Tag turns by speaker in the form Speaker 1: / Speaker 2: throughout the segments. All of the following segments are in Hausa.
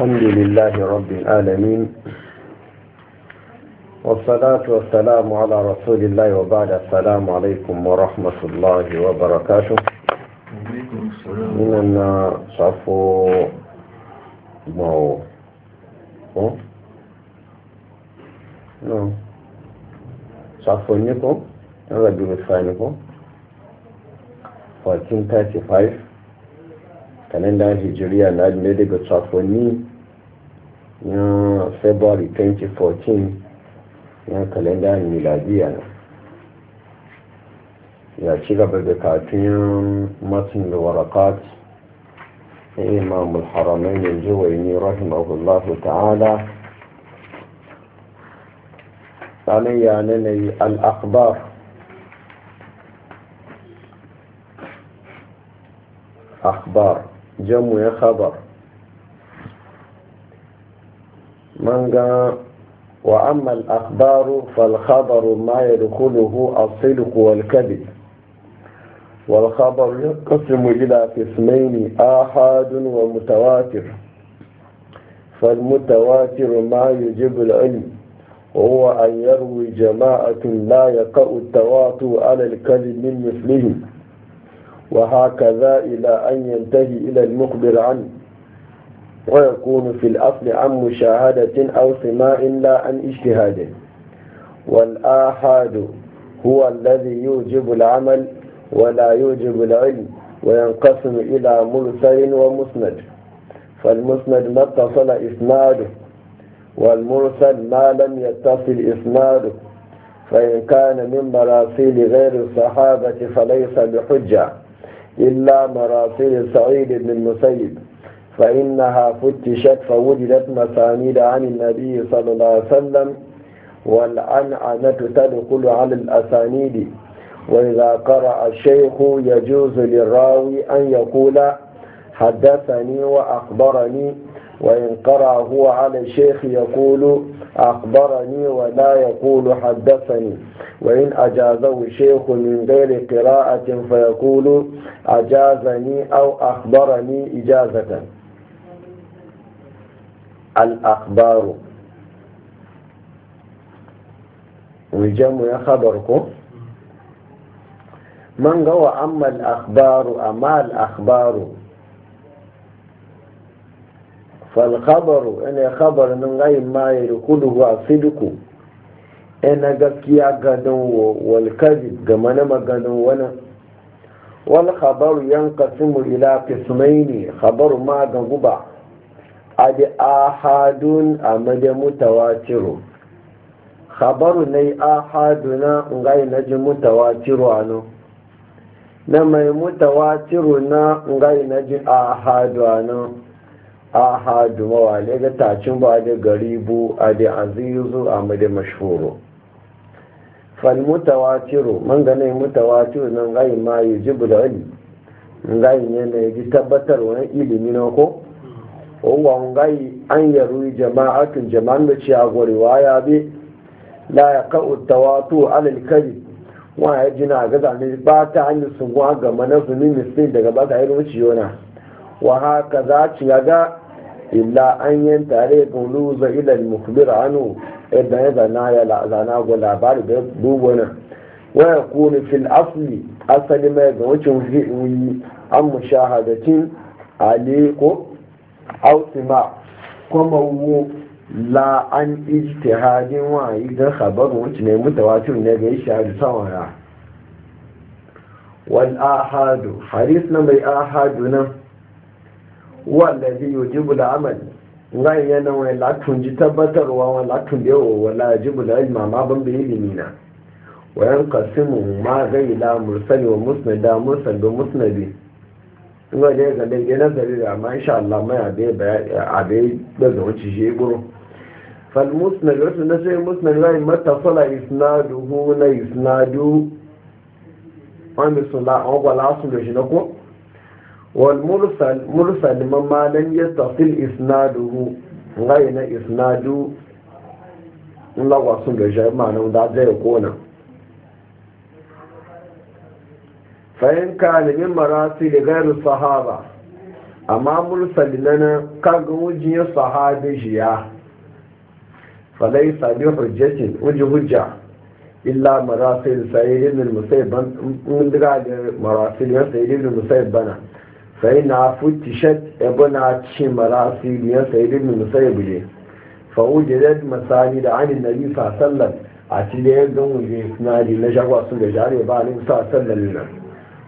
Speaker 1: الحمد لله رب العالمين والصلاة والسلام على رسول الله وبعد السلام عليكم ورحمة
Speaker 2: الله وبركاته من أن صفو مو نعم صفو نيكم ربي مدفعنكم
Speaker 1: 1435 kalendar hijiriya na ne daga tsafoni february 2014 na kalendar miladiya na ya ci gaba da kafin matsin da warakat na imam al-haramain yanzu waini rahimahullahu ta'ala tsanin ya nanayi al-akbar jamu ya khabar منغا وأما الأخبار فالخبر ما يدخله الصدق والكذب والخبر ينقسم إلى قسمين آحاد ومتواتر فالمتواتر ما يجب العلم وهو أن يروي جماعة لا يقع التواتر على الكذب من مثلهم وهكذا إلى أن ينتهي إلى المخبر عنه ويكون في الأصل عن مشاهدة أو سماع لا عن اجتهاد والآحاد هو الذي يوجب العمل ولا يوجب العلم وينقسم إلى مرسل ومسند فالمسند ما اتصل إسناده والمرسل ما لم يتصل إسناده فإن كان من مراسيل غير الصحابة فليس بحجة إلا مراسيل سعيد بن المسيب فإنها فتشت فوجدت مسانيد عن النبي صلى الله عليه وسلم والعنعنة تدخل على الأسانيد وإذا قرأ الشيخ يجوز للراوي أن يقول حدثني وأخبرني وإن قرأ هو على الشيخ يقول أخبرني ولا يقول حدثني وإن أجازه الشيخ من غير قراءة فيقول أجازني أو أخبرني إجازة الأخبار وجمع خبركم من هو أما الأخبار أما الأخبار فالخبر أنا خبر من غير ما يركله الصدق أنا قكيا قدو والكذب قمنا ما قدو والخبر ينقسم إلى قسمين خبر ما قنقبع adi ahadun a made mutawatiru khabaru ne ahaduna ngai na ji mutawatiru ano na mai mutawatiru na ngai na ji ahadu ano ahadu mawale ga tacin ba da garibu a da azizu a made mashhuru falmutawatiru man gane mutawatiru na ngai ma yujibu da wani ne na ji tabbatar wani ilimi na ko wa gai an yaru jama'atun jama'an da ce a gwarewa ya bi la ya ka'u tawatu alal kari wa ya jina ga zane ba ta hanyar sunwa ga manasu ni misli daga ba ta yi rumu yona. wa haka za ci ga illa an yan tare ga za ilal mukbir anu idan ya zana ya zana ga labari da dubona wa ya kuni fil asli asali mai ga wucin wuyi an mushahadatin aliko autima kuma wo la an ijtihadin wa idan khabarin wuce ne mutawatir ne ga shahadu sawara wal ahadu hadis na mai ahadu nan wallazi yujibu al amal ngai yana wai latun ji tabbatarwa wa latun da wa wala yujibu al ilma ma ban bi ilimina wa yanqasimu ma gaila mursali wa musnada mursal bi musnadi in wani ya zane gina zari da ma insha Allah mai abe abe da zama ci shi guru fal musna yusuf na sai musna yusuf na mata sala isna duhu na isnadu wani sula a kwa lasu da shi na ko wal mursal mursal mamalan ya tafil isnadu hu ngai na isnadu la wasu da shi jama'a da zai kona fahim ka min marasi da gairu sahaba amma mursali na nan kaga wujiyar sahabi jiya falai sabi hujjatin wuji hujja illa marasil sayyidin min musayban mun diga da marasil ya sayyidin min bana, sai na futishat ibna ci da ya sayyidin min musaybile fa wujidat masani da anin nabi sallallahu alaihi wasallam a cikin gangu ne na da na jagwa sun da jare ba ne sallallahu alaihi wasallam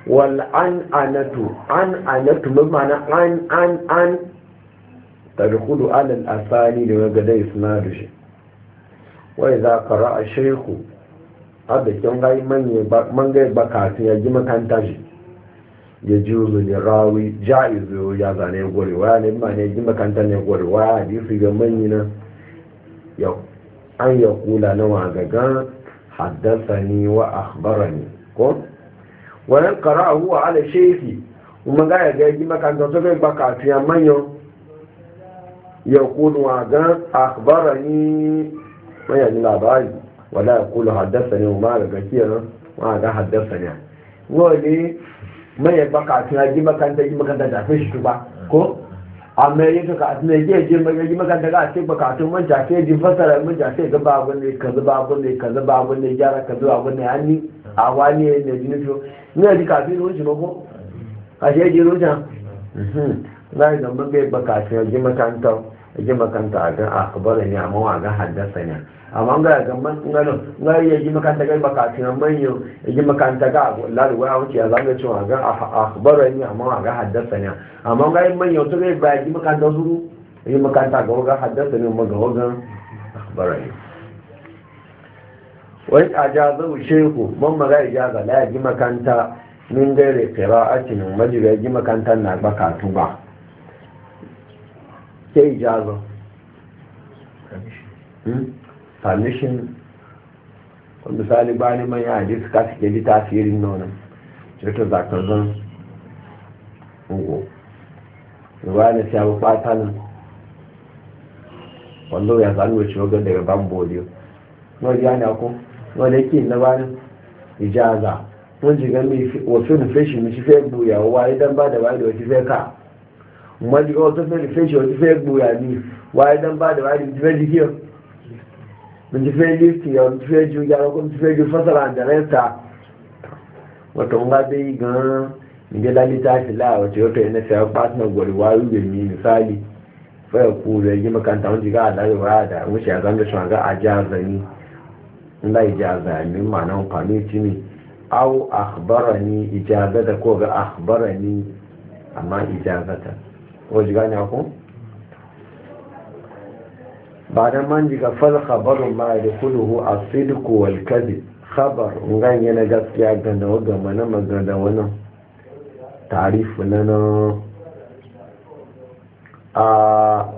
Speaker 1: wal an anatu an anatu mana an an an tadkhulu ala al asani da ga dai isnadu shi wa idza qara'a shaykhu abda kin ga manye man ga bakatun ya ji makanta shi ya ji ne rawi jaizu ya zane gori wa ne ma ne ji makanta ne gore wa hadisi ga manyi na an ya kula na wa gaga haddasa ni wa akhbarani ko wọ́n ń kọ̀rọ̀ àwọ̀ alẹ́ ṣéèfì ọmọdé ẹ̀gẹ́ yìí máa kàn tó tó fẹ́ gba kàfí àmọ́yàn yẹ̀kú nù àgán àkùbára yìí mọ́yà ní làbá yìí wọ́n dá ẹ̀kú lọ àdẹ́sẹ̀ni wọ́n máa gbẹ̀gbẹ̀ kí ẹ̀rọ wọ́n àgá àdẹ́sẹ̀ni à. wọ́n ní mọ́yà gba kàfí àjẹmọ́kàn tẹ́jú mọ́kàn tẹ́jú àfẹ́ṣùtùpá kó amma yin ka kasu ne ke yi magagi makanta ka ce bukatun manta ke ji fasara manta ce ga babu ne ka zuba abu ne ka zuba abu ne gyara ka zuba abu ne hannu a wani ne ji nufi ne ji kafin rushe mako ka ce ji rushe mhm. na yi zama bai bukatun ya ji makanta ji makanta a ga akabar ne amma wa ga haddasa ne amma ga ga man ngalo ga ya ji makanta ga baka tinan manyo ya ji makanta ga Allah da waya wuce ya zanga cewa ga akhbara ni amma ga haddasa ne amma ga manyo to ga ba ji makanta zuru ya ji makanta ga ga haddasa ne ma ga ga akhbara ni wai ajazu shehu mun ma ga ijaza la ya ji makanta min a qira'atin majira ya ji makanta na baka tuba sai ja Hmm? permission misali bayan man ya je suka suke ji tasirin nonon cirkin zakazan ungo ruwa na siya bukata nan wallo ya zanu wace wagar daga bambodiyo wani ya ne ako wani yake na bayan ijaza wọ́n jì gan wọ́fẹ́ ní fẹ́ṣì mi ti fẹ́ gboyà wá ìdánbà dàwádìí wọ́n ti fẹ́ ká mọ́jú ọ́ tó fẹ́ ní fẹ́ṣì wọ́n ti fẹ́ gboyà ní wá ìdánbà dàwádìí wọ́n ti fẹ́ dìkíọ́ mun ji fẹ́ lífì ọ̀ ti fẹ́ ju yàrá kó ti fẹ́ ju fọ́sọ̀rọ̀ àdàrẹ́ta wọ́tọ̀ ń bá dé yìí gan-an níjẹ́ lálé táàsì láàrọ̀ tí ó tẹ̀ ẹ́ nẹ́sẹ̀ pátánà gbọ̀dọ̀ wá rúgbè mí nìsáàlì fẹ́ kú rẹ̀ yí makanta wọ́n ti ká àdáyé wá àdá wọ́n ṣe àgbà mẹ́sàn án a ajá àzà ni ńlá ìjà àzà mi màná ń pàmí ga ni ba da man jiga fal khabarun ma da kuluhu a sidku wal kadi khabar ganye na gaskiya ga na waga mana magana wannan tarifu na na a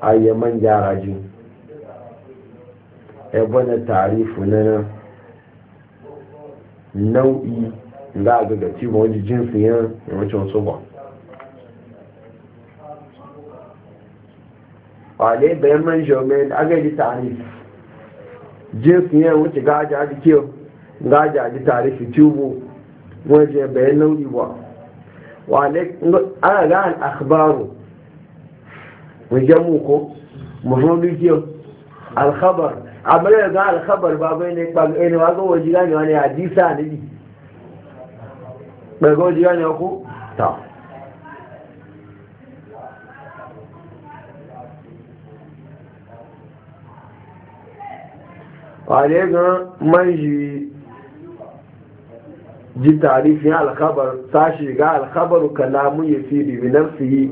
Speaker 1: ayyaman gyara ji ebe na tarifu na na nau'i ga ga gaci ma wani jinsu yan yawancin su ba wale bayan man jome da aka yi tare jinsu yin wuce gaja a jikin gaja a ji tare su tubu waje bayan nau'i ba wale ana ga al'akbaru wajen muku muhammadu kiyo alkhabar amma da ga alkhabar ba bai ne ba ne ba ga waje gane wani hadisa ne bai ga waje gane ku ta wale ga manji ji tarifin alkhabar ta shiga alkhabaru kalamu ya fi bi nafsihi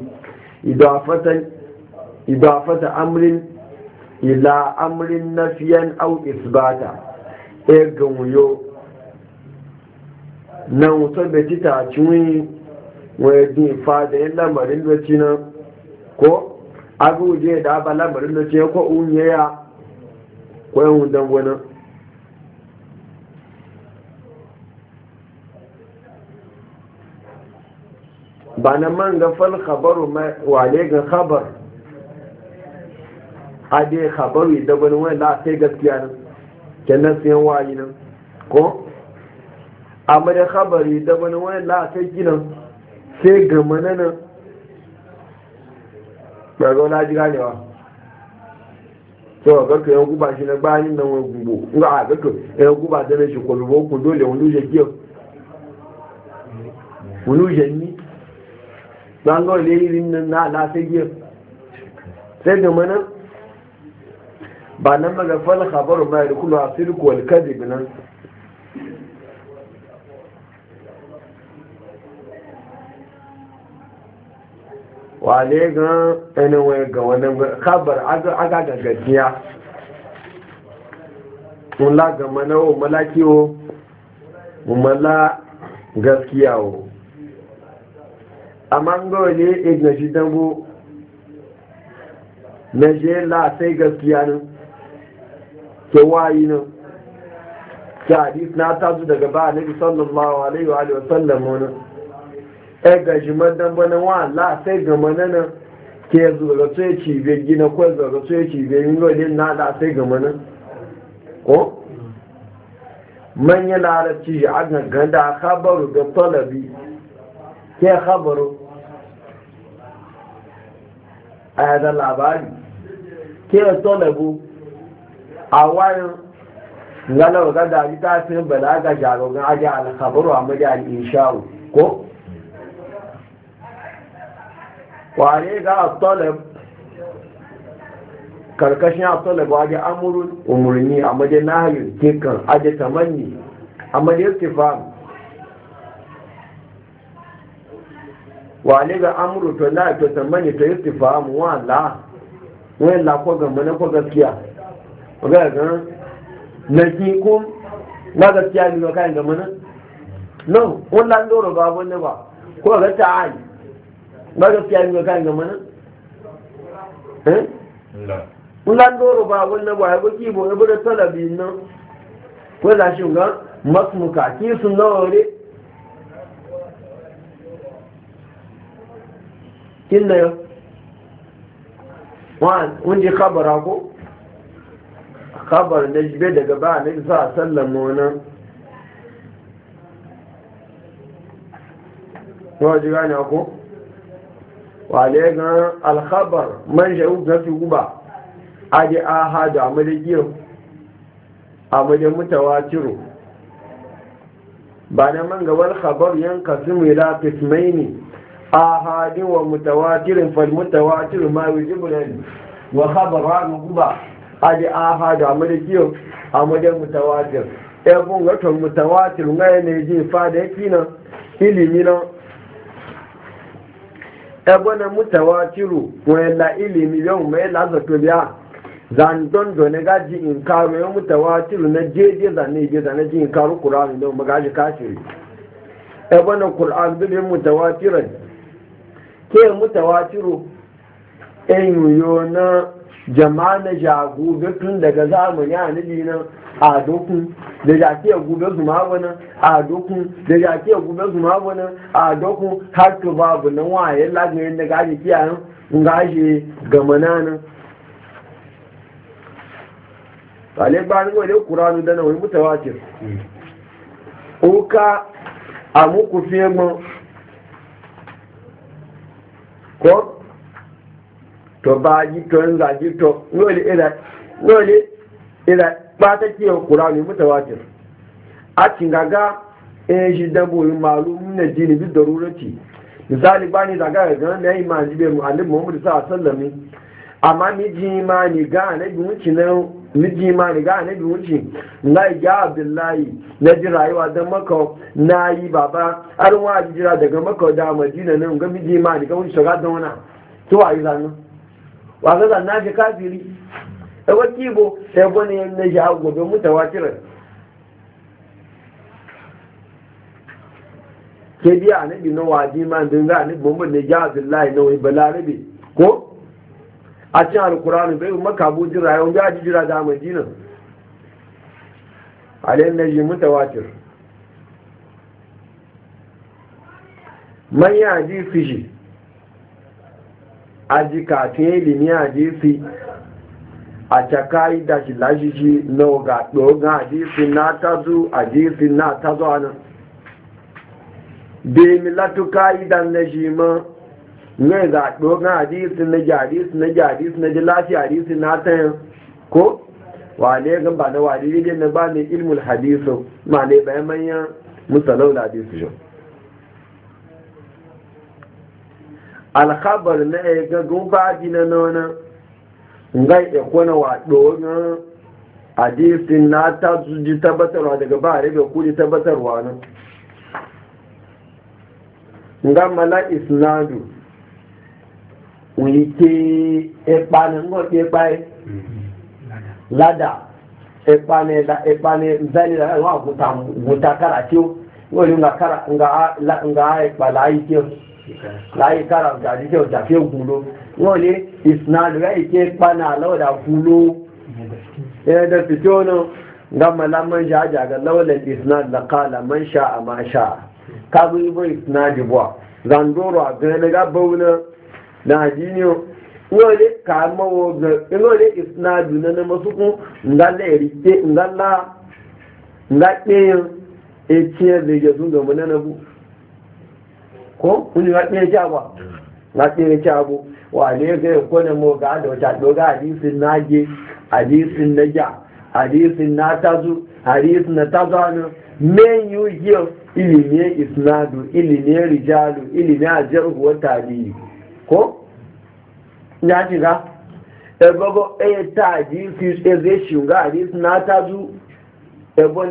Speaker 1: idafata amrin ila amrin nafiyan au isbata e ganwuyo na wutar da ji tacinwi wajen fada yin lamarin da cinan ko aguje da ba lamarin da ko ya? koyan hundan gona ba na man ga fal khabaru wale ga khabar a dai khabaru da wani wani la sai gaskiya nan kenan sai wayi nan ko amma da khabari da wani wani la sai ginan sai gama nan ba ga wani ji ganewa so ga to yan guba shi na bayanin nan wani gumbo nga a ga to yan guba da na shi ko bo dole wani je kiyo wani je ni dan go le yin nan na la sai kiyo sai da mana ba nan maga fal khabaru ma a asirku wal kadi nan wale ga anyway ga wannan khabar aga ga gaskiya mula ga manawo malakiwo mula gaskiyawo amma ga wale igna shi dambo na je la sai gaskiya ne ke wayi ne. ta hadis na tazu daga ba ne sallallahu alaihi wa sallam wannan e ga shi madan bana wa la sai ga manana ke zuwa to ya ci be gina ko zura to ya ci be yin gole na la sai ga manan ko manya larabci ya aga ganda khabaru da talabi ke khabaru a da labari ke talabu a wayan ngana ga da ta sun balaga jarogan aje al khabaru amma da al insha'u ko ware ga abdulab karkashin abdulab waje amurin umarni a maje nahayin kekan aje tamanni a maje istifam wale ga amuru to na to tamanni to mu wala wani lako mana ko gaskiya ga ga na ki ko na gaskiya ne ga kayan ga mana no wani doro babu ne ba ko ga ta'ali ba gaskiya ne kan ga mana eh ulan doro ba wannan ba ba ki bo ibu da talabi nan ko da shin ga masmuka ki sun nawore kin da yo wan wanda khabara ko khabar da jibe daga ba ne sa sallama wannan wajibi ne ko wale gan alhabar man shahu ga fi guba aje ahadu a madagiyar a madagiyar mutawatiro ba na man gaba alkhabar yan kasu mai lafis mai ne ahadin wa mutawatirin fal mutawatirin ma yi jibirin wa khabar ranu guba aje ahadu a madagiyar a madagiyar mutawatir e ya kun gaton mutawatir ngayon ne ji fada ya fi nan ilimi nan ebona mutawatiru wela ilimi yau mai lazato biya zandon do ne gaji in karo yau mutawatiru na jeje zane je zane ji in karo qur'ani don magaji kafiri ebona qur'an bi mutawatiran ke mutawatiru en yo na jama'a na jagu tun daga zamani annabi nan a dokun da jaki ya gube su ma wani a dokun da jaki ya gube su ma wani a dokun har to babu nan waye lagayen da gaji kiyayen ngaje ga mananan tale ba ni wani kuranu da na wani mutawatir uka a muku fiye ko to ba to in to nole ira nole ira kpata ke qur'ani mutawatir a cingaga eh shi dabo yin malum na jini bi darurati misali bani daga ga na iman jibe muallim muhammad sallallahu ji ma ga na bi wuci na ni ji ma ga ne bi wuci na ya abdullahi na ji rayuwa da maka na yi baba har wa jira daga maka da madina nan ga ma ga wuci wana zanu wa ga na da waki bo sai gwani ya na sha'a gobe mutawatirin ke biya a nabi na waje ma don za a nabi bambam na ja abdullahi na wani balarabe ko a cin alkurani bai maka abu jira yawon ya ji jira da madina alayin na shi mu mutawatir manya ji fishi a ji kafin ilimi a ji fi a cakai da shi lajiji na ga ɗogon hadisi na tazo hadisi na tazo a nan bai milatu ka'idan na shi ma ne ga ɗogon hadisi na hadisi na hadisi na jilafi hadisi na ta yin ko wale gan ba na wale ne na ba ne ilmul hadisu ma ne bayan manyan musalau da hadisu shi alkhabar na ya ga gumba na nonan ngai ya e kona wa na ta ji tabbatarwa daga ba kuli tabbatarwa nan nga mala isnadu wike epa ni ngo e, e lada epa ni la epa ni zali da wa guta guta kara láyé kára gàdí tí ọjà fi ògùn ló wọ́n ní ìsìnàlù rẹ̀ ìké paná aláwọ̀dà fún ló ẹ̀ẹ́dẹ̀ tí ó nà gama laman sha jaga lawalar isnad da kala man sha a ma sha zandoro a ga bauna na jiniyo a ka mawo ga wani isnadu na na masu ko kun ga tsaye ja abu na tsaye ci abu wa ne ga ko ne mo ga da ta do ga hadisin naje hadisin naja na tazu hadisin na tazanu men yu yo ilimi isnadu ilimi rijalu ilimi ajaru wa tabi ko ya ji ga ebogo e taji fi ezeshu ga hadisin na tazu ebo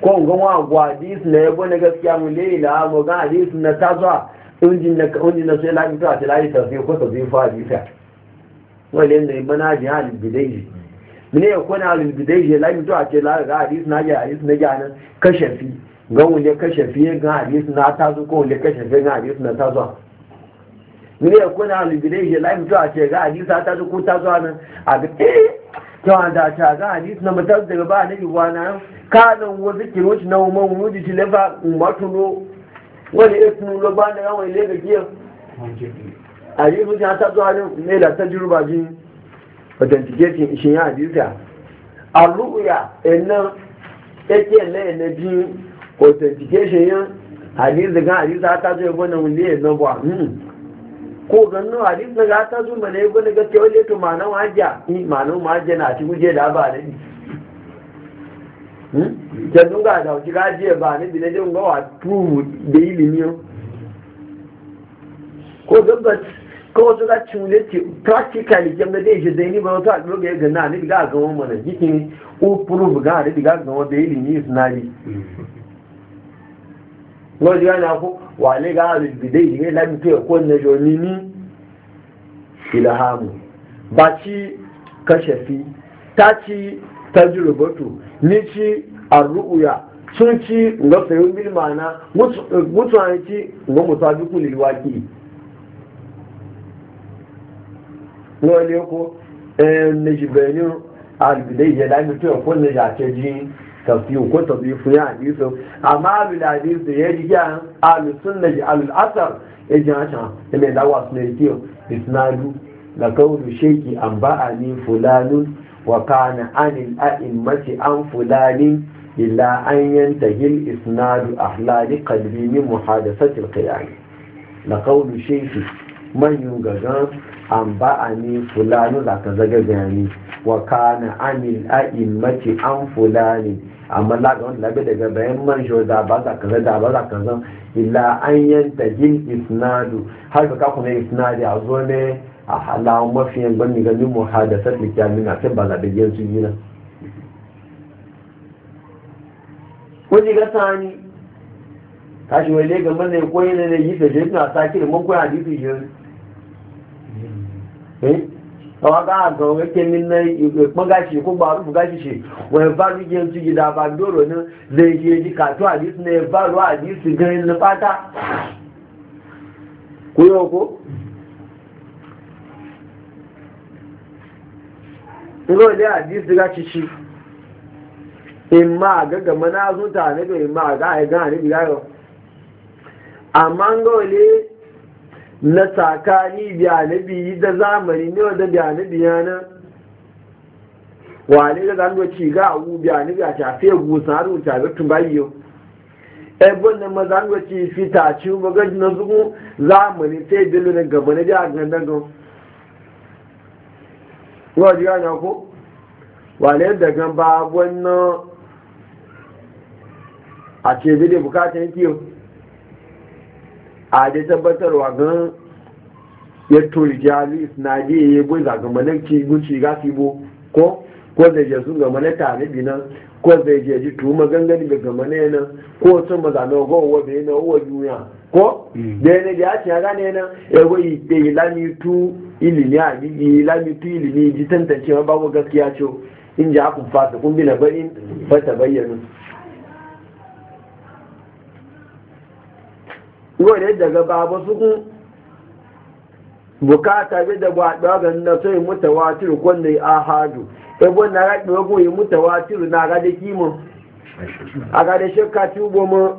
Speaker 1: ko ga wa gwadis na yabo na gaskiya mu ne ila mu ga hadis na tazwa unjin na unjin na sai lafi ta tilai ta sai ko ta zai fa bi ta wale ne mana ji hal bidai mune ko na hal bidai la mi ta ce la ga hadis na ga hadis na ga nan kashafi ga mu wule kashafi ga hadis na tazo ko wule kashafi ga hadis na tazwa mune ko na hal bidai la mi ta ce ga hadis ta tazo ko tazwa nan a ga eh kyawun da ta ga hadis na mutar daga ba na yiwuwa na yau ka nan wa na umar wudi shi lafa umatulo wani ya tunu lo ba na yawon ile ga giyar a yi mutu ya tattu hannun mai da ta jiruba jin authentication shi ya hadisa a ru'uya ina ake lai na jin authentication yin hadisa ga hadisa ta zai bane wuli ya zaba ko ganin hadis na ga ta zuma ne gwani ga ke wale to manan hajja ni manan hajja na ci guje da ba ne hmm? ke sun ga da wuce gajiya ba ne bi na jin gawa tu da ilimi ko gabbat ko su ga cule practically kem da dai shi ni ba a ga ga na ni ga ga mana jikin ko proof ga ni ga ga da ilimi sunari wọ́n ti rán akó wà ní gáàrí ìgbìdé ìdílé láti tó ẹ̀kọ́ nẹjọ ní ní ìlàhàmù bá tí kẹsẹ̀ fi tá tí tẹ́jú rògbòtò ní tí àrùkùyà tún tí ǹgọ́fẹ̀ omi màánà mútu àrùn tí ǹgọ́ mọ̀tò lè wá kì wọ́n ní ẹ̀kọ́ ẹ̀ nẹjì bẹ̀rẹ̀ ní àgbìdé ìdílé láti ẹ̀kọ́ tasiyu ko tasiyu ya hadisu amma alul hadisu ya ji ya alul sunna ji alul asar ya ji ya can ya mai dawa suna yi kiyo isnadu la kaunu sheki an ba'ani fulanun wa kana anil a'immati an fulanin illa an yantahil isnadu ahlali qalbi min muhadasatil qiyam la kaunu sheki manyan gagan an ba'ani fulanu la ka zaga gani wa kana anil mace an fulani amma la ga wanda labe daga bayan man shi da ba za kaza da ba za kaza illa an yanta jin isnadu har ka kuma isnadi a zo ne a halawan mafiyan gwamni gani mu hadasar likyamina sai ba zaɓe yin su yi nan wani ga sani tashi wani ga mana koyi ne yi da jirgin a sakin mun koyi a shi eh àwọn akáàgàn wékè nínú ìpọ́ngáṣe kó gba àrùn fúgáṣìṣe wọ́n ẹ̀fà ní jẹun tí ìdá àbàdóró ní lè ṣe èdè kàtó àdísì ní ẹ̀fà rọ àdísì gan ní pátá kó yọ kó. inú ilé àdísì gá ṣiṣi ìmọ̀ àgẹ́gẹ̀mọ́ náà tún tà níbi ìmọ̀ àgá ẹ̀gán àníbi láyọ̀ àmọ́ ń gbọ́ na tsakani biyanabi da zamani ne wanda biyanabi yana wane da zanuwa ci ga awu biyanabi a shafe gusa har wuce abin tumbayyo ebon na mazanuwa ci fita ci gaji na zuku zamani sai bilu na gaba na biya gandan gan wani ya na ko wane da gan ba wannan a ce zai bukatar kiyo a da tabbatarwa gan ya tori jali na je ya bai za ga malakci gunci ga fibo ko ko zai je sun ga malaka ne bina ko zai je ji tuma gangani ga gama nan ko sun ma na ga wa bai na wa duniya ko mm. da yana da ya ce ya gane nan ya ga da ilami tu ilini a gigi ilami tu ilini ji tantance ma babu gaskiya ce in ji akun fasa kun bi na barin fata bayyana wani daga babu suku bukata bi da baɗuwa ga na so yi mutawatir kwanda ya ahadu ebo na raɗi wago yi mutawatir na gada kima a gada shakka tubo ma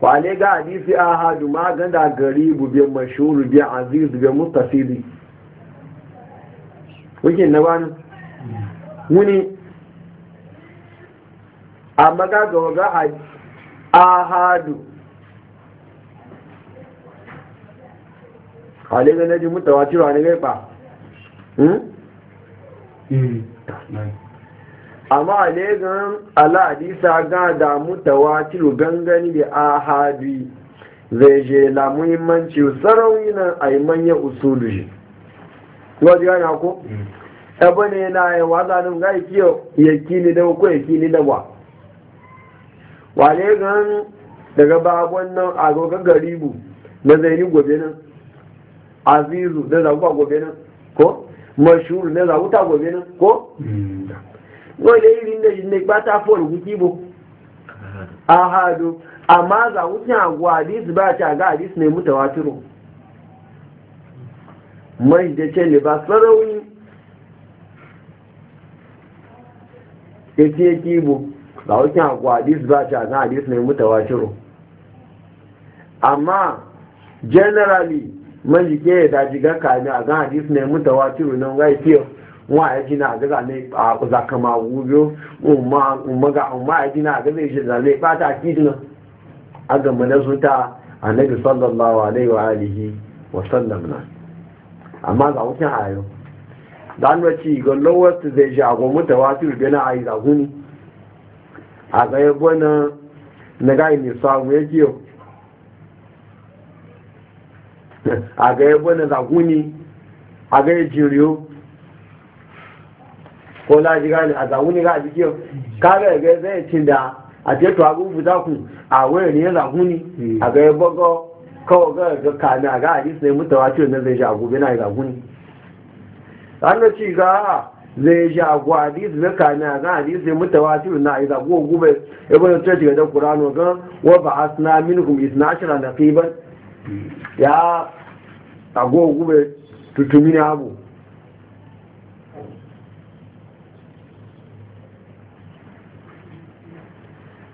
Speaker 1: kwale ga hadisi ahadu ma ganda garibu bi mashuru bi aziz bi mustafidi wuke na bani wuni amma ga ga hadisi ahadu ne lẹ́jì mú tẹ̀wà tí rà nílẹ̀ pa amma ala hadisa ga da tẹ̀wà tí rò gangani da ahadu zai je la muhimmanci sarauni nan a yi manyan usulu shi ji yana ko hmm. ebe ne na yi wata nun ga ikiyar yakini da ko yakini da ba wale gan daga babon nan agogon garibu na zainin gobe nan azizu na zagufa gobe nan ko mashuru na zaguta gobe nan ko wale irin da ne ba ta fi wani a hadu amma za wuce agwa hadis ba ta ga hadis ne mutawatiro mai da ce ne ba sarauni ya ce bo. ga wakil haku hadis ba shi a kan hadis mai mutawatiro amma generally man jike ya daji ga kami a kan hadis mai mutawatiro nan ga fiye wa ya ji na ga ne a zakama gubiyo umma ga umma ya ji na ga zai shi zane ba ta kidina a ga mana su ta annabi sallallahu alaihi wa alihi wa sallam na amma ga wakil hayo dan wace ga lowest zai ji a gwamnati mutawatir bena a yi zaguni a tsaye gwana na gani ne samu ya kiyo a gaya yabo zaguni a gaya jiriyo ko laji gani a zaguni ga jiki ka ga ga zai cin da a ce to abu buta ku a wayar ne zaguni mm. a gaya yabo kawo ga ga kana ga hadisi ne mutawa ce na zai shi a gobe na zaguni an ci ga zai ji agwa gwa hadisi na kame a kan hadisi mutawatir na iza go gube ibn tsaji da qur'ano kan wa ba'athna minhum 12 naqiban ya agwa go gube tutumini abu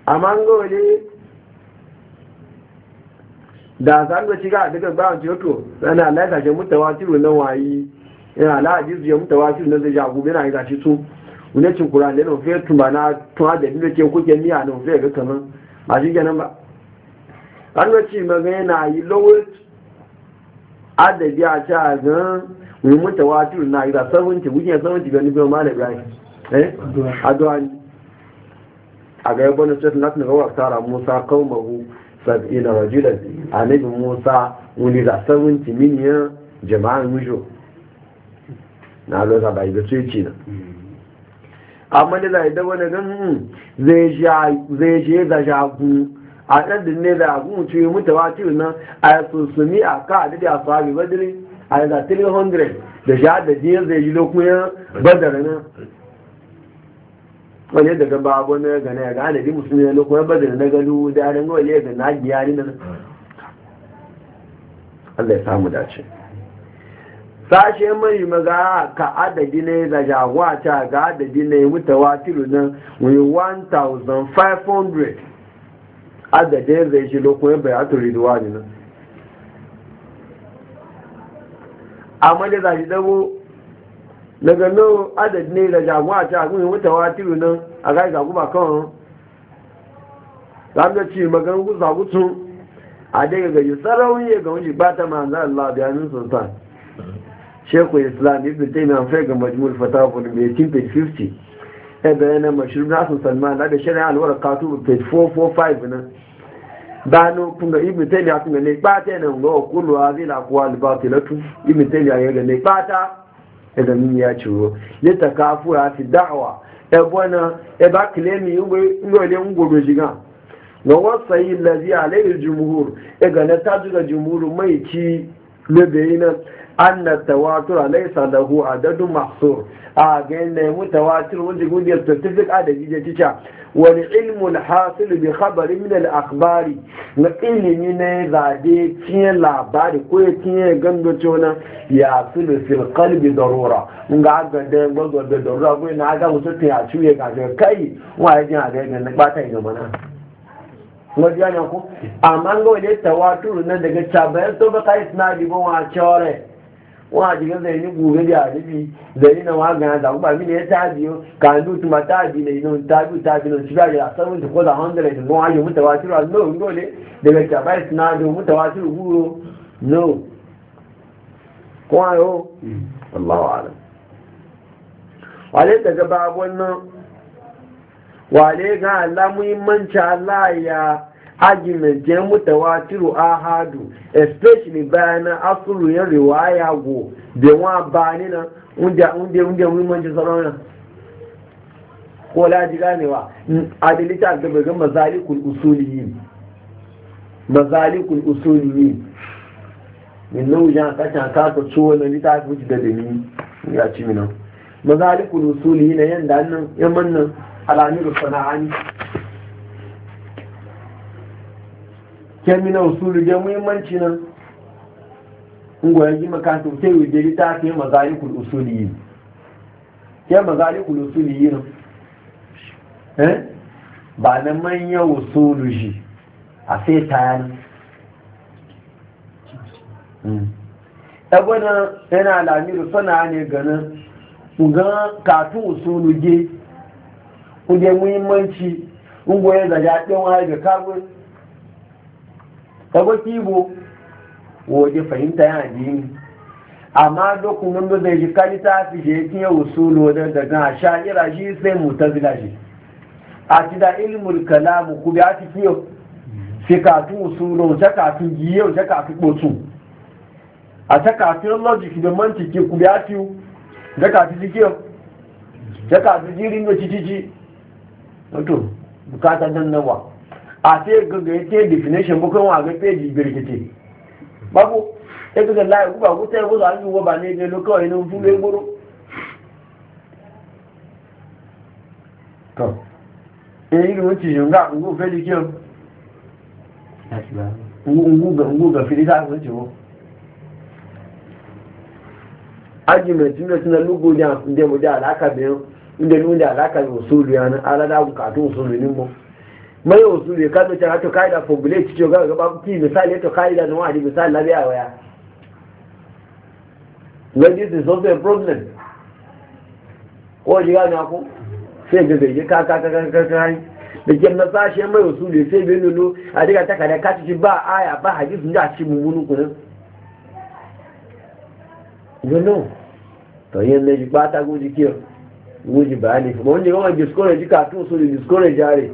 Speaker 1: amma ngole da zan ga shiga daga ba jiyoto sana laika mutawa mutawatir na wayi yana la hadisi ya mutawa shi na zai jagu bina ga shi su wani cin kuran da nufe tumba na tuwa da ke kuke miya na nufe ga kamar a shi kenan ba an ci maga yana yi lowest adadi a ta gan wani mutawa turu na ga 70 wujen 70 ga eh addu'a ne a ga yabon da tara musa rajulan annabi musa wani da 70 miliyan jama'an wujo na loza ba yi sai ce na amma da zai da wani gan hmm, zai za shi haku a ɗan ne da yi mutu ba ce nan a yi susumi a ka a dade a sabi badiri a yi za 300 da sha da jiya zai shi da kuma badara nan wani daga babu na gane ya gane bi musulmi na kuma badara na galu da yaran gawa ne ga na biya ni nan Allah ya samu dace. sashe mai maga ka adadi ne da jagwata ga adadi ne mutawatiru nan wani 1500 adadin zai shi lokacin bai ato riduwa ne nan amma da zashi dabo daga nan adadi ne da jagwata wani mutawatiru nan a ga ga guba kan zaga ci magan gusa gutsun a daga gaji ga wani ba ta manzan Allah biyanin sun shekul islam ibn taimiyya fai ga majmul fatawa for 1850 ya na e mashirin nasu salman na da shari'a alwara katu page 445 na bano kunga ibn taimiyya kunga ne kpata yana ga okulu a zai lakuwa albatu latu ibn taimiyya ya ga ne kpata ya ga min ya ciro ya ta kafu ya fi da'awa ya e bwana ya e ba kilemi ngole ngoro jiga ga wasa yi lazi alayhi jumuhur ya ga na tajuga jumhur mai ci lobe yi na anna tawatur laysa lahu adadun mahsur a ga ne mutawatir wanda gudu ya specific adadi da tica wani ilmun hasil bi khabari min al akhbari na ilimi ne zabe tiye labari ko ya tiye gando cewa ya sulu fil qalbi darura nga ga da gando da darura ko na ga mutu ta ciye ga kai wa ji a ga ne ba ta ga mana wọ́n yá ni ọkùn àmọ́ ń gbọ́ ilé tẹ̀wá túrù náà dẹ̀gẹ́ ba ẹ̀ tó bẹ́ ká ìsinmi àdìbò wọn àti wọn àdìgẹ́ zẹ̀ ní gbogbo rẹ̀ àdìbí zẹ̀ nínú wọn àgàn àdàgbò pàmí ní ẹ táàbì ó kàndú tó máa táàbì ní inú táàbì táàbì náà síbí àyè àtọ́wọ́n ti kọ́ta hundred wọn ayò mútawátìrò àti náà ńgọ́ lé dẹ̀rẹ̀ tàbáìsì náà dùn mútawátìrò wúro no kwan yóò allahu ala wale daga a nan wale ga alamuyin manci allah argument je mutawatiru ahadu especially bayan asulu ya riwaya go da wa bani na unda unda unda muhimmanci sarona ko la ji wa adilita da bai ga mazalikul usuliyin mazalikul usuliyin min naujan kashin kasa ciwo na litafi wuce da dani ya ci minan mazalikul usuliyin dan nan yan mannan alamiru sana'ani kemina usulu da muhimmanci nan ngwa yi makanta sai wuje lita ta yi mazalikul usuli ke mazalikul usuli nan eh ba na manya usulu shi a sai ta yi ɗagwana yana hmm. lamiru sana ne ganin ga katun usulu je kuje muhimmanci ngwa ya zaga ɗin wa ga kabin kago kibo waje fahimta yana jini amma dokun nan da zai ji kalita fi je kiyo usulu da daga sha'ira shi sai mutazila shi a ti da ilmul kalam ku bi ati kiyo fi ka tu usulu ta ka tu giyo ta ka tu botu a ta ka tu logic da mantiki ku bi ati da ka tu kiyo ta ka tu jirin da cicici wato bukatan nan nawa a ego gaga definition ba kuma ga peji birkiti babu ya gaga lai ku ba ku sai ku zan yi ba ne e lokawai ne ku ne guru to eh irin wuce yunga ngu feli kiyo ngu ga ngu ga fili ta wuce wo argument ne suna da alaka da yana ka mai wasu ne ka mace hato ka'ida formulate ce ga gaba ki misali to ka'ida na wani misali biya waya when this is also a problem ko ji gane ku sai ga zai ka ka ka ka ka da ke na sashe mai wasu ne sai bai nuno a daga takarda ka ci ba aya ba hadisin da ci mummunu kunan you to yin ne ji ba ta goji kiyar goji bayani kuma wanda yawan discourage ka tun so da discourage jare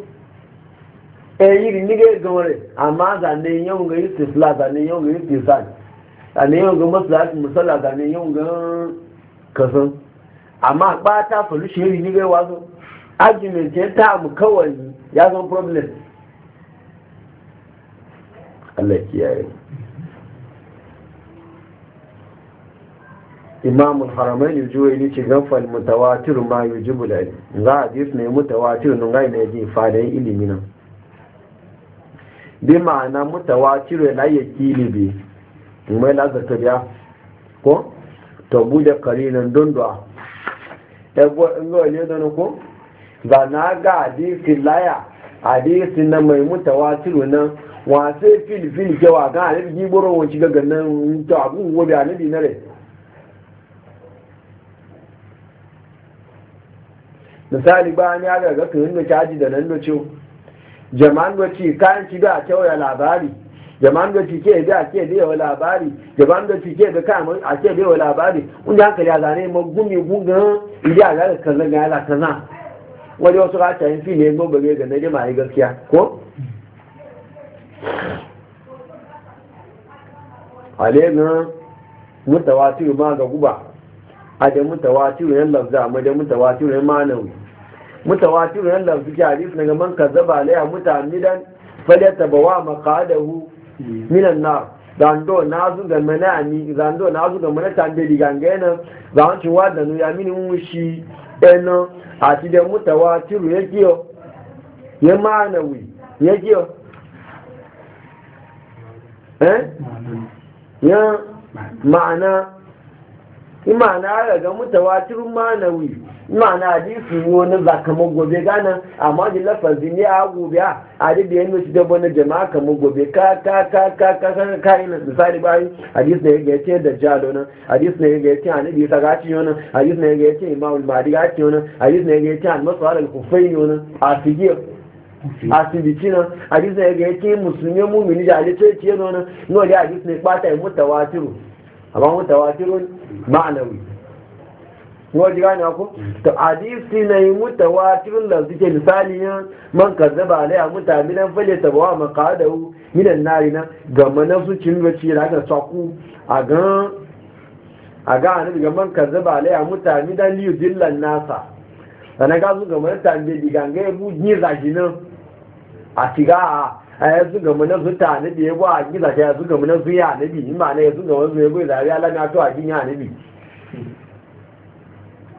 Speaker 1: eyiri ni ga gan amma zane yau ga istifla zane yau ga istifan zane yau ga maslahat zane yau kasan amma ba ta falu shiri wazo argument ta mu kawai ya zama problem Allah kiyaye imam al-haramain al-juwayni ce gafal mutawatir ma yujibu ji za a jis mutawatir nun na fadayin bi ma'ana mutawatir la yakili bi mai la zata biya ko to bude karinan dondwa ebo ngo ne don ko ba na ga di filaya hadisi na mai mutawatir na wa sai fil fil jawa ga ne bi boro won gaga nan to abu wo bi anabi na re misali ba ni aga ga kun da kaji da nan da ciwo jama'an gwaci kayan ci da waya labari jama'an gwaci ke da ake da yawa labari jama'an gwaci ke da kayan a ke da labari kun ji hankali a zane ma gumi gugan idi a zara kaza ga yala kaza wani wasu rata yin fi ne gbogbo ga na mai yi gaskiya ko ale na mutawatiru ma ga guba a da mutawatiru yan lafza ma da mutawatiru yan manawi mutawatir nan da suke hadisi daga man kazzaba alaiha mutamidan falyata bawa maqadahu minan nar zando na zu ga mana ani zando na zu ga mana tambe digangena zan ci wa da nu ya mini mushi eno ati da mutawatiru ya yo ya manawi yake yo eh ya ma'ana imana ga mutawatirun manawi ma'ana hadisi ne wani zakaman gobe gana amma da lafazi ne a gobe a hadisi da yanzu shi dabba na jama'a kamar gobe ka ka ka ka ka ka ka yi misali bayan hadisi ne ga yace da jalo nan hadisi ne ga yace annabi ta gaci nan hadisi ne ga yace imamul mahdi gaci nan hadisi ne ga yace almasu alal kufai nan a sigiyar asibiti nan hadisi ne ga yace musulmi mumini da hadisi ce nan nan no da hadisi ne bata mutawatiru amma mutawatirun ma'anawi Wani gane ku to hadisi na yi mutawatir da suke misali yan man kazzaba alaiha mutaminan fale tabawa maqadahu minan nari na ga manasu cin gaci da aka saku a ga a ga annabi ga man kazzaba alaiha mutaminan li dillan nasa sana ga su ga man tambe diganga bu ni zaji nan a tiga a ya su ga manasu ta da ya bu a gizaje ya su ga manasu ya annabi imana ya su ga manasu ya bu ba ya lana to a ginya annabi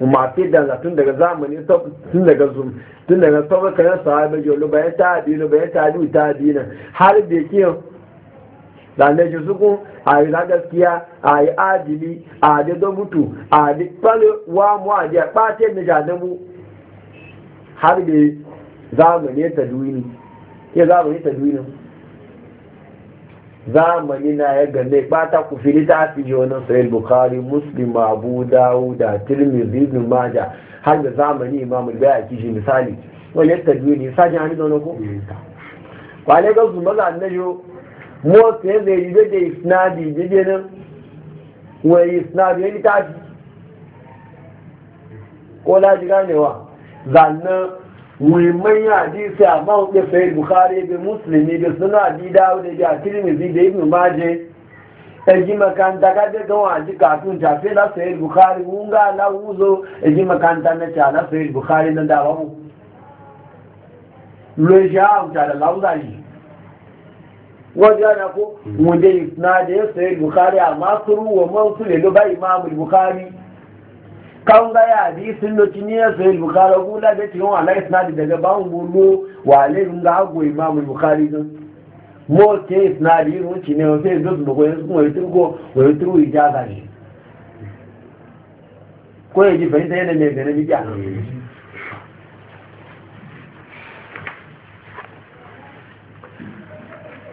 Speaker 1: mafi da tun daga zamani tun daga zum tun daga sabaka na sahabai jolo bayan ta adino bayan ta adu ta adina har da ke lande shi suku a yi na gaskiya a yi adili a yi don mutu a yi kwallo wa mu a jiya ɓace na jadamu har da zamani ta duwini ya zamani ta duwini zamani na ya gane bata ku fili ta fi jonin sahih bukhari muslim abu da tirmidhi ibn maja har da zamani imam al-bayhaqi kishi misali wani yadda biyu ne sajin hannu da ko kwale ga su maza annajo motsa ya zai yi da isnadi jide nan wani isnadi ya ni tafi ko laji ganewa zannan muhimman ya hadisi a man da sahih bukhari bi muslimi bi suna bi dawo da ga tirmidhi da ibn majah eji makanta ka de gan waji katun tafi na la sahih bukhari wunga la wuzo eji makanta na ta la sahih bukhari na da babu lo ja u ta la lauza yi wajen ko mu dai na da sahih bukhari amma suru wa man sule lo ba imam bukhari kan ga ya bi sun loci ne ya sai bukari gula da cikin wa lai daga ba mu bulu wa lai mun ga hago imamu bukari din mo ke sinadi yin wuce ne wa sai zuwa ko yanzu kuma yitin ko wa yitin wa ijaza ne ko ya ji fahimta yana mai gane bidiya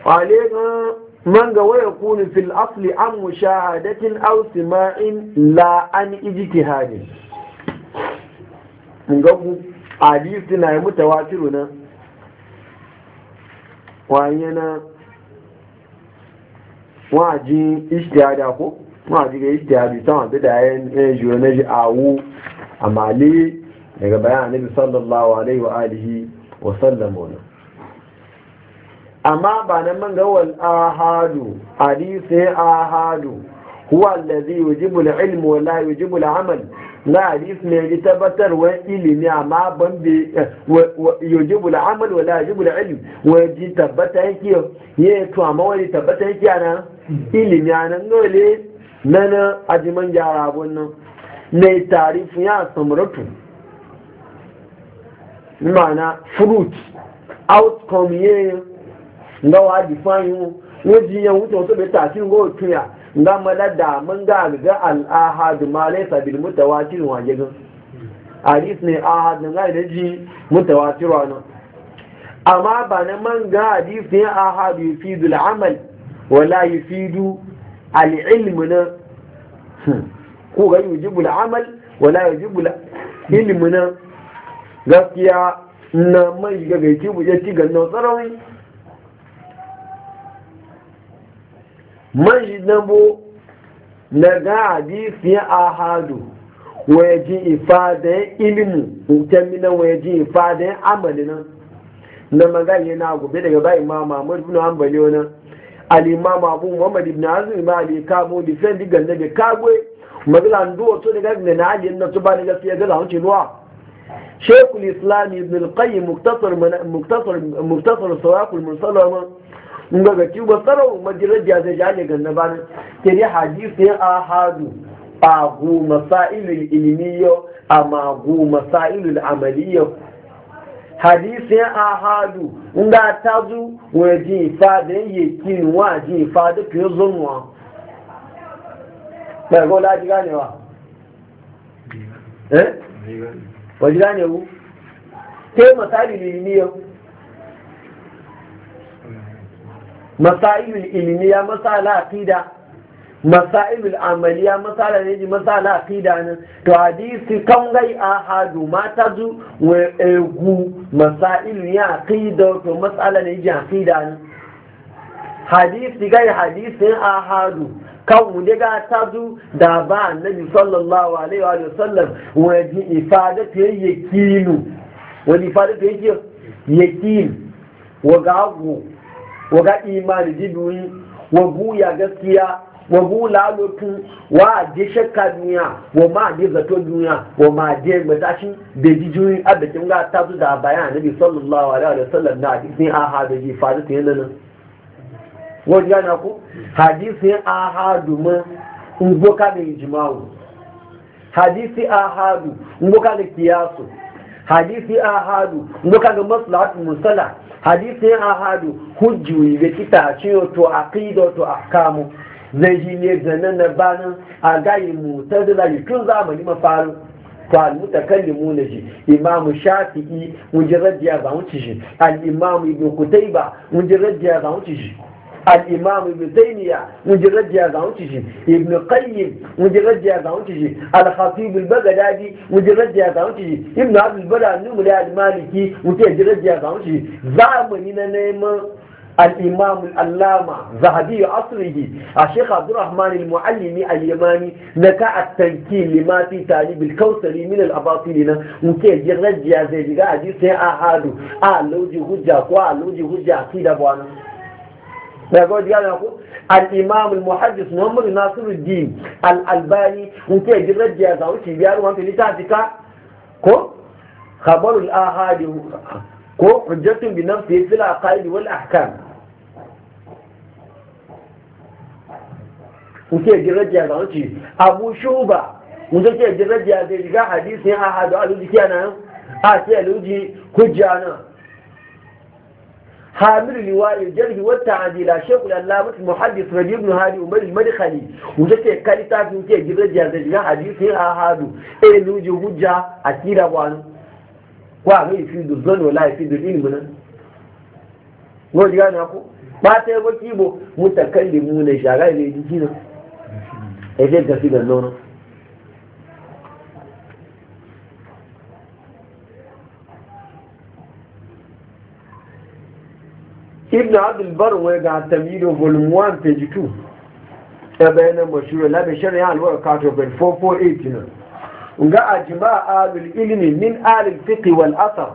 Speaker 1: wale gan Manga waya kunu fil asli an mushahadatin aw sima'in la an ijtihadin mun ga ku hadisi na mutawatiru na wayana waji ijtihada ko waji ga ijtihadi tan da da yan jiyo na ji awu amali daga bayan annabi sallallahu alaihi wa alihi wa sallam amma ba nan man ga wal ahadu hadisi ahadu huwa allazi yujibu al-ilm wa la yujibu al-amal na hadisi ne ya tabbatar wa ilimi amma ban bi yujibu al-amal wa la yujibu al-ilm wa ji tabbata yake ye to amma wani tabbata yake ana ilimi anan dole nan ajiman jara wannan ne tarifu ya samratu ma'ana fruit outcome yayin nga wa di fayu wo ji yan wuce wato bai tafi ngo tuya nga mala da mun ga ga al ahad ma laysa bil mutawatir wa jagan hadis ne ahad nga da ji mutawatir wa no amma ba na man ga hadis ne ahad yufidu al amal wala yufidu al ilm na ko ga yujibu al amal wala yujibu al ilm na gaskiya na mai ga gaiti buje ci gannan sarawin man na dambo na ga hadisi hadu ahadu ji ifadan ilimu mina waje ji amali amalina na magana yana gobe daga ba imam Ahmad ibn Hanbali wani alimama Abu muhammadu ibn Azim ibn Ali kabo di fen di ne be kagwe magana ndu to daga ne na ali na tuba ba daga fiye da hunci nuwa شيخ الإسلام ibn القيم مختصر من مختصر مختصر الصواق المرسلة nga ga kiwo tsaro majalar jaza jale ganna ne? ke ni hadisi a hadu a gu masailul ilmiyo a ma gu masailul amaliyo hadisi a hadu nga tazu waje fada yakin waje fada ke zonwa ba go laji ganewa eh waje ganewu ke masailul ilmiyo masailul ilmiya masala aqida masailul amaliya masala ne ji masala aqida nan to hadisi kan gai ahadu mata zu wa egu masailul ya aqida to masala ne ji aqida nan hadisi gai hadisin ahadu kan wunde ga ta zu da ba annabi sallallahu alaihi wa sallam wa ji ifada ta yakinu wani ifada ta yakinu yakin wa gago waga imani jiduri wa ya gaskiya wa bu lalotu wa je shakka duniya wa ma je zato duniya wa ma je matashi da jijiyoyi abikin ga ta da bayan nabi sallallahu alaihi wa sallam na hadisin ahadu da ji faru ta yadda nan wani yana ku hadisin aha domin ngoka da ijimawu hadisi ahadu ngoka da kiyasu hadisi ahadu ngoka da maslahatu musala hadisi ya ahadu hujju ga kita ciyo to aqido to ahkamu zai ji ne zanen na banin a gayi mu ta zila tun zamani mafarin to al-mutakallimu na ji imamu shafi'i mun ji rajiya ba mu ci shi al-imamu ibnu kutaiba mun ji rajiya ba mu ci shi الإمام ابن تيمية مجرد يا زاوتشي ابن قيم مجرد يا زاوتشي الخطيب البغدادي مجرد يا زاوتشي ابن عبد البر النمري المالكي مجرد يا زاوتشي زامننا نيمان الإمام الألامة ذهبي عصره الشيخ عبد الرحمن المعلمي اليماني نكاء التنكيل لما في تاليب الكوثري من الأباطيلنا وكيف جرد يا زيجي قاعد يسيء أحادو آه لوجي هجا قوى لوجي هجا أكيد أبوانا daga wajen yana ku al-imam al-muhaddis muhammad nasiruddin al-albani mun ce jirar jiya za wuce biya wani fili ta fita ko khabaru al ahadi ko hujjatun bi nafsi fil aqaid wal ahkam mun ce jirar jiya za wuce abu shuba mun ce jirar jiya zai shiga hadisin ahadu alujiya nan a ce aluji hujja nan حامل لواء الجرح والتعديل شيخ العلامة المحدث ربيع بن هادي عمر المدخلي وجدت كاريتا في مكي جبر جازج حديث هادو اي نوجي حجة أكيد وان وان في الظن ولا في العلم نوجي غاني أكو ما تيبو كيبو متكلمون شاغل يجي كينا ايه ده كده ibn abdul bar wai ga tamido volume 1 page 2 ta bayanan mashura labe shari'a alwar kato bin 448 nan ga ajima alul ilimi min alul fiqi wal asar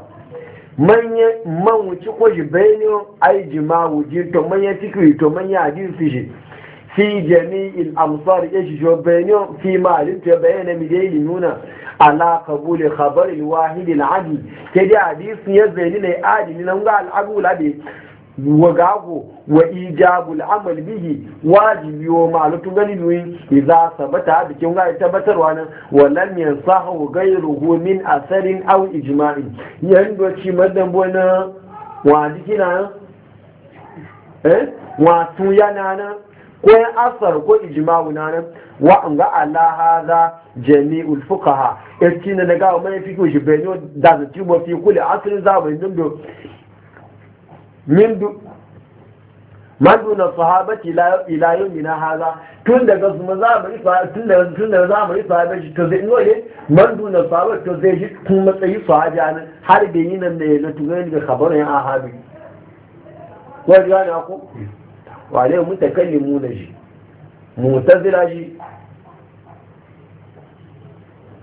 Speaker 1: manye man ko shi bayanin ajima wujin manye fikri to manye hadisi shi fi jami'il amsar ya shi jo bayanin fi ma alimta bayanan mi dai nuna ala kabuli khabar al wahid al adi ke da hadisi ya bayanin ne adi al abu wagago wa ijabul amal bihi wajibi wa ma'alutun gani nuyi idza sabata bi kin ga tabbatarwa nan wallan sahu ghayruhu min asarin aw ijma'i yando ci madan bona wa dikina eh wa yana nan ko asar ko ijma'u nan wa an ga ala hadha jami'ul fuqaha yace daga mai fiko shi bayo da zuci fi kulli asrin zabai dindo min du man duna sahabati ila ila yawmina haza tun daga su maza bari fa tun daga tun daga za mu yi sahabe shi to zai noye man duna sahabati to zai ji kun matsayi sahaja nan har da yin nan ne da tugai da khabarin ahabi wai gane ku wa ne mutakallimu na shi mutazila shi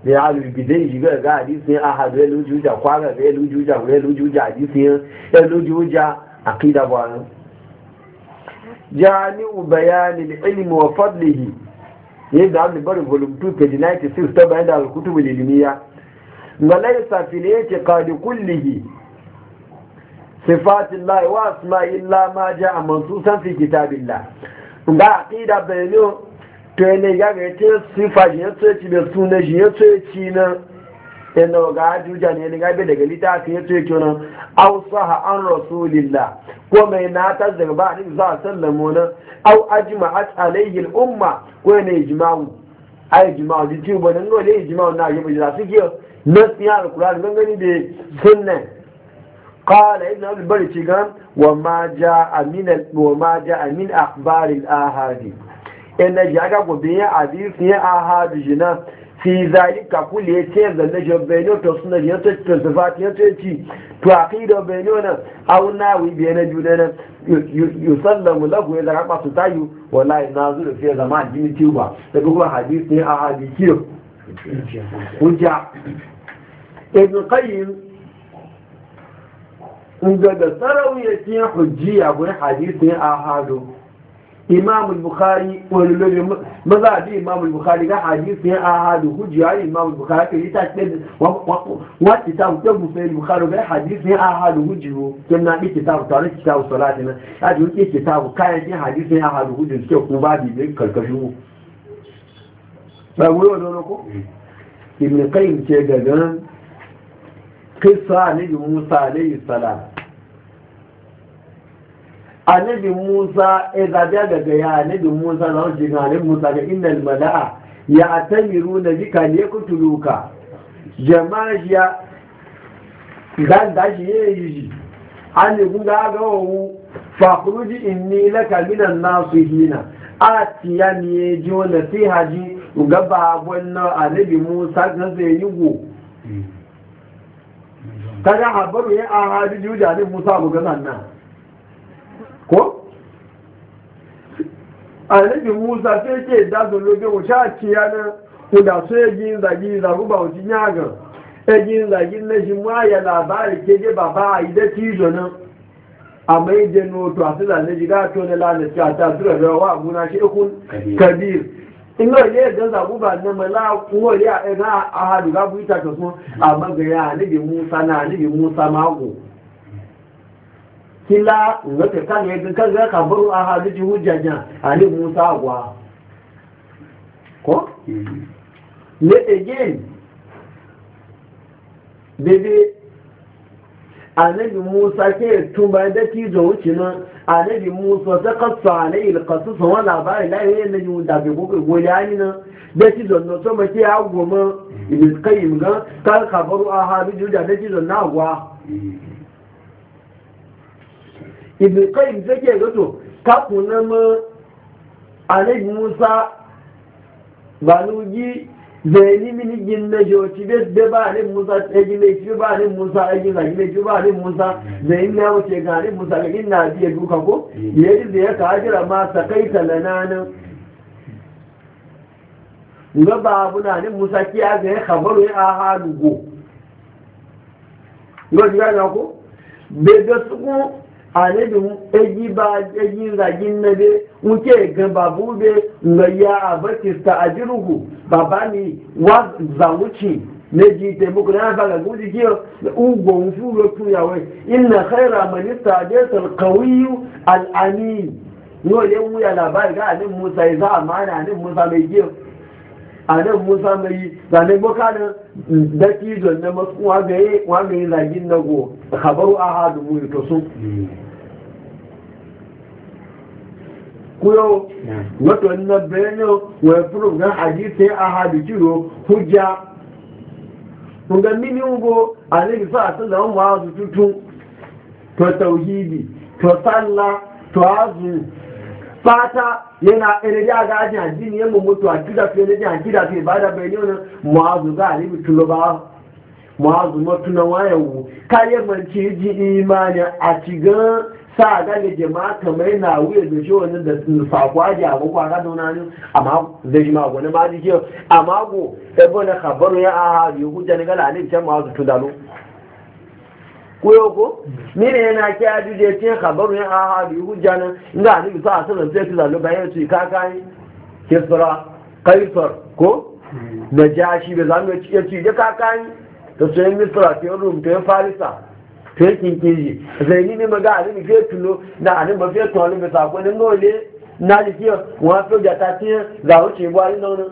Speaker 1: ne alubidai shiga ga hadisi ahadu ya lujuja kwaga ga ya lujuja ya lujuja hadisi ya lujuja aqida ba ne jami'u bayani ilmi wa ne yadda an bari volume 2 page 96 ta bayan da al-kutub al-ilmiya wa laysa fil i'tiqadi kullihi صفات الله واسماء الله ما جاء منصوصا في كتاب الله ga aqida bayani to ne ga ga ce sifa ne ce ci sunan ne na yana ga juja ne ni gabe daga littafin ya ce kyona au saha an rasulillah ko mai na ta daga ba ni za sallamu na au ajma'at alayhi al umma ko a yi ai ijma'u di ti bonan go yi ijma'u na yi da su ke nasiya al qur'an gangani da sunna qala ibn abd bari ci gan wa ma ja'a min wa ma ja min akhbar ahadi in ji aka gobe ya hadisi ya ahadi jinan fi zalika kulli ya ce zanne jo benyo to suna ya to to zafat ya to ci to a da benyo na aw nawi bi na jude na yusallamu lahu idza raba su tayu wallahi nazuru fi zaman jini tuba da kuma hadisi ne a hadisi hujja ibn qayyim in ga da sarawi ya ce hujjiya bai hadisi ne a hado imam al-bukhari wani lobe maza a bi imam al-bukhari ga hadisi ya ahadu hujja ya imam al-bukhari ke ita ce wa kitab ta bufe al-bukhari ga hadisi ya ahadu hujja ke na bi kitab ta ne kitab salati na a ji ke kitab kayan ya hadisi ya ahadu hujja ke ku ba bi karkashin mu ba wuro don ko ibn qayyim ce ga gan qissa ne Musa alayhi salam annabi musa ya zaɓe daga ya annabi musa na wajen annabi musa ga inda mala'a ya atamiru na jika ne ku tuluka jama'a ya dan da shi ya yi an yi kun ga wawu fakuruji inni laka minan nasu hina a tiya ne ya e ji wanda sai haji ga babon na annabi musa na zai yi go hmm. kaga habaru ya a hadu juja ne musa bu ga nan ko annabi musa sai ke dazun lobe mu sha ciya na kuda so ya gin zagi zagu ba wuci nyaga ya gin zagi na shi mu ya labari ke je baba a ida tijo nan a mai je no to a sila ne jiga to ne la ne ta tura da wa guna shi ikun kabir in ga ne da zagu ba na mala ko ya ga a hadu ga buita to so amma ga ya annabi musa na annabi musa mako kila ngata kan ya ga kan ga kabaru a hadiji hujjaja ali musa gwa ko ne mm-hmm. again bebe annabi musa ke tun bayan da ti zo wuce nan annabi musa ta kasu alai ilkasu sun wani labari layi yin na yiwu da bai kuka gole ani nan da ti zo nan sama ke ya goma mm-hmm. ibiskai imgan kan ka kabaru a hadiji hujjaja da ti zo na gwa mm-hmm. ibn qayyim zake gato kafin na ma alai musa baluji zeni mini ginna joti be be ba alai musa tsaji ne shi ba alai musa aji ga ne shi ba alai musa zeni na wace ga alai musa ga inna biya duka ko mm. yaji da ya kajira ma sakaita lananan ga babu na alai musa kiya ga ya khabaru ya ahalu go ga ga ko be ga anabin egi ba egi zagin na be muke ga babu be ga ya abatista, ta ajiruhu baba ni wa zawuci ne ji te muku na ba ga guji kiyo ugo mfu lo tu ya we inna khaira man istajata alqawi alamin no le mu ya labari ga anin musa za amana anin musa mai kiyo anin musa mai zanen bokana daki kizon na masu wagaye zagin na go habaru a hadu mu ito sun kuyo hmm. wato na benin wani furu na hadisai a hadu kiro hujja ga mini ugo a nabi sa su da wa su tutu to tauhidi to sallah to azu fata yana ɗaya da ga aji addini yamma mutu a kida fiye da jihar kida fiye ba da bayan nan mu'azu za a ribi tulo ba mu'azu matuna wayawu kayan manci ji imani a cigan sa ga e da jama'a kamar na wuya da shi wani da sako aji a gwagwa a gado na amma zai shi mago na ma ji ke amma go ebe na kabaru ya a yahuja ni gala ne can mu'azu tudalo koyo ko mire yana ke ajuje tin khabaru ya aha bi hujjana inda ni bi sa sanan sai da lo bayan su ka kai kisra kaifar ko da jashi be zamu ya ci da ka kai to sai misra ke rum to farisa to kinkiji sai ni ne maga ali ke tulo da ali ba fe to ali be sa ko ne ngole na ji ke wa fe da ta ti za wuce bu ali nono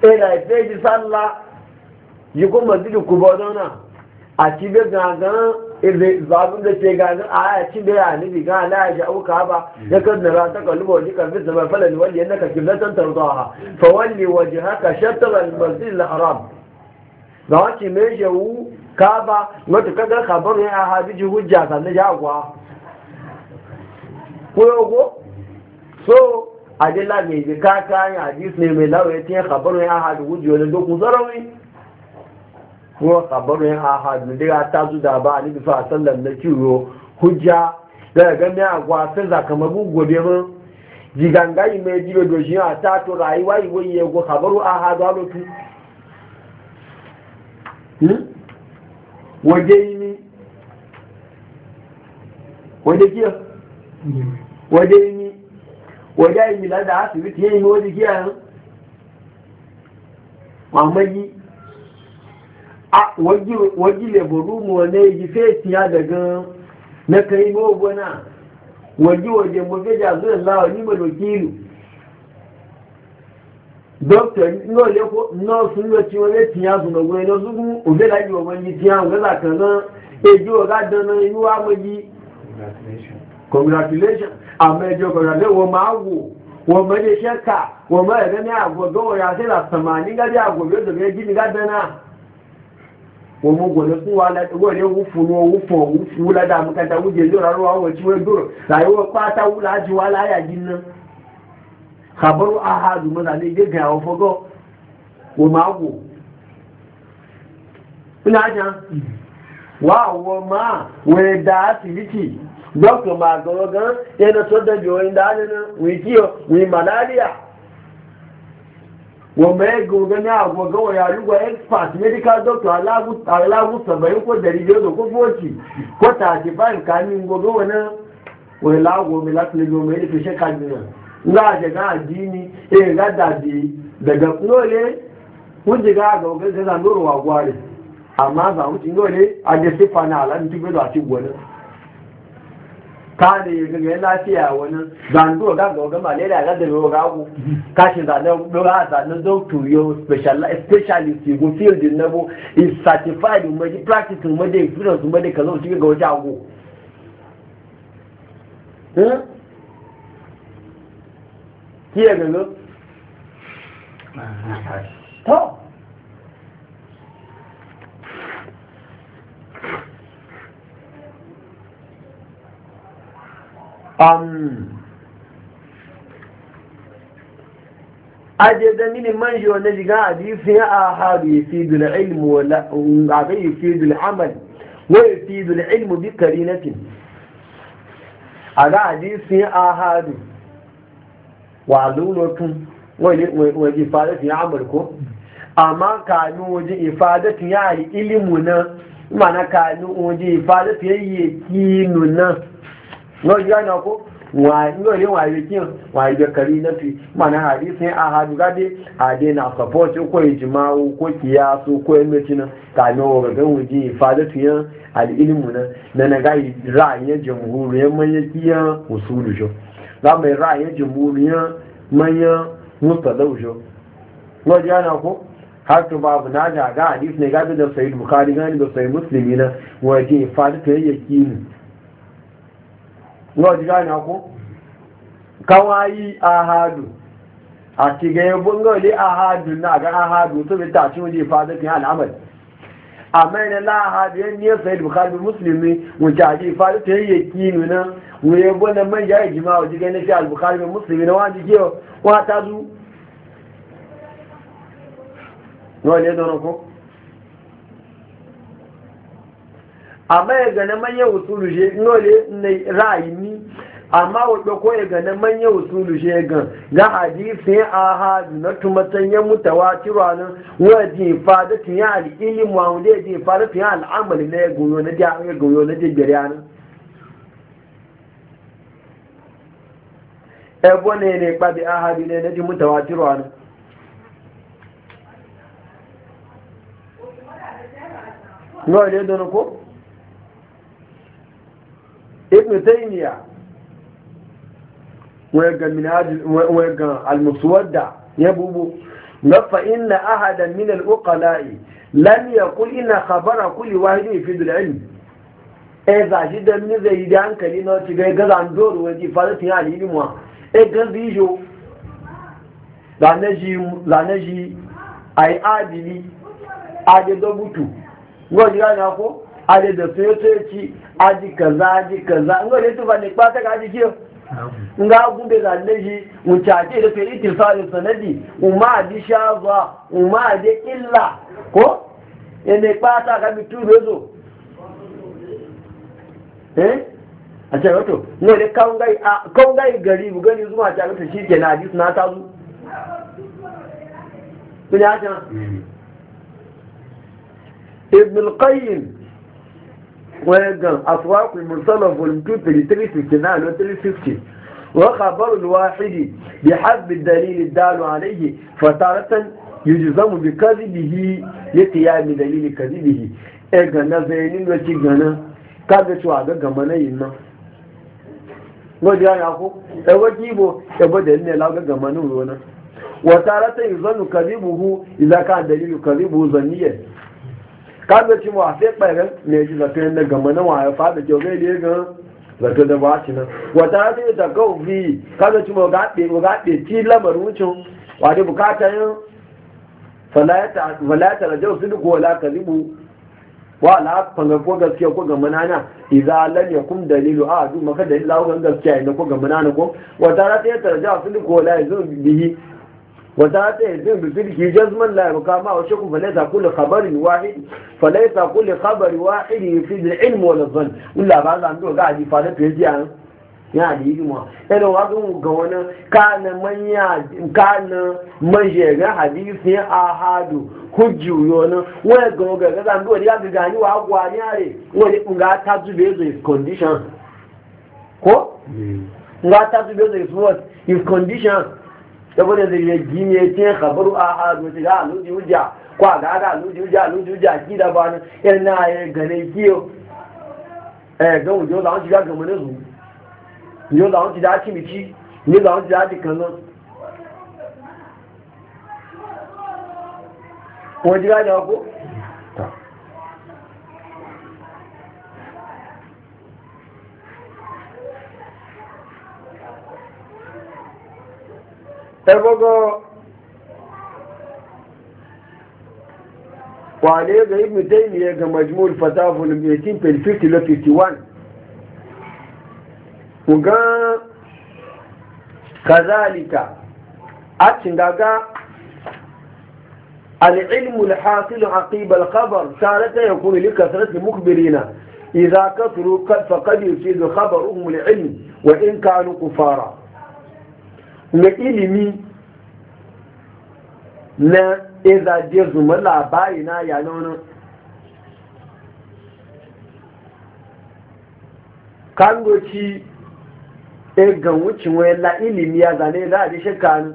Speaker 1: e la fe ji sallah yi ko masjidu ku ba a cibiyar gangan a da ke gani a ya ci da ya nufi gana na ya sha'auka ba mm. ya kan nara ta kaluba waje karfi zama falani wani yana ka kiblatan fa wani waje haka shattarar masjid na haram ga wace mai shehu ka ba wata kagar kabar ya habiji hujja sannan jagwa ko so adila mai zika kayan hadis ne mai lawa ya tiyan kabar ya hadu hujjoji dokun zarawi ko kabarin ahadu da ta zuda ba a nufi sallan na kiro hujja daga gani a gwasan zakamagun gobe mun jigangayi mai jibe doshi a ta to rayuwa iwo iye go kabaru ahadu a lotu hmm? waje yi ni waje kiyo waje yi ni waje yi ni lada asibiti ya yi ni waje ki kiyo yi? mamaji wajile burumu wane yi fesin ya daga na kai gogona waje waje mafi jazunan lawa ni malokilu dɔkita n'o le ko nɔɔsu n'o ti wɔn bɛ tiɲɛ sɔrɔ wɔn n'o sugu o bɛ la yɔ wɔn yi tiɲɛ o bɛ la na eji o ka dɔn na wa ma congratulation ama eji o kɔrɔ wa ma wo wa ma de sɛ ma yɛrɛ ne agɔ dɔw yɛrɛ a se la sama ni ka di agɔ yɛ na. òun kò ní fún wa lẹ́tọ̀ọ́ ní òun fún òun fún òun fún mú kẹta òun jèlé ọ̀rọ̀ àwọn ọ̀tí wọn dúró làyẹ̀wò pátá wù láti wá láyà jí ná. kàbọ̀rù ahadu mọ́ta ní ilé gan àwọn fọ́gọ́ kò máa wò. ńlájà wà wọ máa wẹ̀ dá síbítì dọ́kítọ̀ màgọ́rọ̀ gan ẹni tó dẹ̀jọ́ ìdánilẹ̀ wíkí ọ̀ wí màláríà. wọ́n mẹ́ gbogbo ní àgọ́ gọ́wọ́ expert medical doctor aláwùsọ̀bẹ̀yìn kó dẹ̀rí yóò kó fóòtì kó tààtì ká ní gbogbo wọn náà láti lè ẹni fi ṣe kájú náà ńlá àṣẹká àdí ni èyí ká dàbí dẹ̀gẹ̀ lóòlé wọ́n ti ká àgọ́ gẹ́gẹ́ náà lóòrò àgọ́ rẹ̀ àmọ́ àgbà wọ́n ti ka yi gaga lafiya wani zando ga ga ga malaria ga da ga ku Kashi shi da ga da na doctor yo special specialist go field din nabo is certified mu di practice mu di experience mu di kazo shi ga wata ku eh kiyaga to aje da mini man shi wanda shiga hadisi ya a haru ya fi dul ilmu wa ga ya fi dul amal wa ya fi dul ilmu bi kari na karinatin a ga hadisi ya a haru wa lunotun waje ifadatin ya amal ko amma kanu waje ifadatin ya yi ilimu na mana kanu waje ifadatin ya yi yakinu na no ji gane ko wani waye kari na fi mana hadisi a hadu gade a dai na support ko ijma'u ko ko yammaci na ga wuji ifadatu ya al-ilmu na na ga ra'ayin jamhuriyar mayakiya mai ra'ayin jamhuriyar mayan mustalau jo no ji gane ko har to babu na ga hadisi ne da bukhari gani da yau ji gane ku kawai ahadu a tiga ya bunga ahadu na ga ahadu to bai tashi wani fada kan al'amal amma yana la ahadu yan niyan sayid bukhari muslimi wuce a ji fada ta yayye kinu na wuye gwana man ya yi jima'a wajen gani fi al-bukhari muslimi na wani ke wata zu wani ya zaune ko amma ya gane manyan usulu shi nole na ra'ayi ni amma wadda ko ya gane manyan usulu shi ya gan ga hadisi a hadu na tumatan ya mutawa tiranin wajen fadatun ya al'ilim wa wanda ya je fadatun ya al'amali na ya goyo na ya goyo na jirgin yanin ebo ne ne kpabi a hadu ne na ji mutawa tiranin Nwa ile dono ko? ibn taymiya wega minhaj wega al-muswadda yabubu fa inna ahadan min al-uqala'i lam yaqul inna khabara kulli fi al e za shi da min zai da hankali na ci gai gazan doro waje falatin al-ilm wa e gazi jo lanaji lanaji ai adili ade dobutu ngo jira na ko aje da sai sai ci aji kaza aji kaza ngo ne tuba ne kwata ka nga gube da naji mu tace da sai ittisalin sanadi di shaza umma di illa ko ene kwata ka bitu bezo eh a ce wato ne da kaungai a kaungai gari mu gani zuwa ta ta shi ke na zu ويقال أسواق المرسلة فولم 2 369 و 350 وخبر الواحد بحسب الدليل الدال عليه فتارة يجزم بكذبه لقيام دليل كذبه إيقال نزينين وشيقنا كذا شو هذا قمنا ينا wajen yaku ɗaga kibo ɗaga da ne laga gamanin rona wata rata yi zanu karibuhu idan ka dalilu karibuhu zaniyar kaga ci mu a sai ɓairan ne ji zato yadda gama na waya fada kyau zai ne ga zato da ba shi nan wata ta yi gau bi kaga ci mu gaɗe mu gaɗe ci lamarin wucin wani bukata yin falata da jau sun ko la kalibu wa la fanga ko gaskiya ko gama nana idza lam yakum dalilu a du maka da illa ko gaskiya ne ko gama nana ko wata ta yi tarjau sun ko la yanzu bihi وذات يزن بفرق جزما لا يقام وشك فليس كل خبر واحد فليس كل خبر واحد يفيد العلم ولا الظن ولا بعض عنده قاعد يفادت يجي yana da hikima irin wajen ga wani kanan manya kanan mashigar hadisi a hadu hujju yonin wani ga ga ga zambi wani ya ga gani wa agwa ne are wani nga ta zube is condition ko nga ta zube is what condition saboda da ya gine ce khabaru a hadu ta ga aluji hujja ko a ga ga aluji hujja aluji hujja ki da ba nan na ya gane kiyo eh ga wujo da an shiga ga ne zu yo da an da ci mici ni da an da ci kan nan ko jira da ko ebogo kwale ga ibn taymiya ga majmul fatawa volume 18 page 50 to 51 kuga kazalika a cingaga العلم الحاصل عقيب الخبر تارة يكون لكثرة المخبرين إذا كثروا فقد يفيد خبرهم العلم وإن كانوا كفارا mgbe ilimi na izaje zuma labari na na nono kangoci egan wucin wani la ilimi ya zane za a ji shakka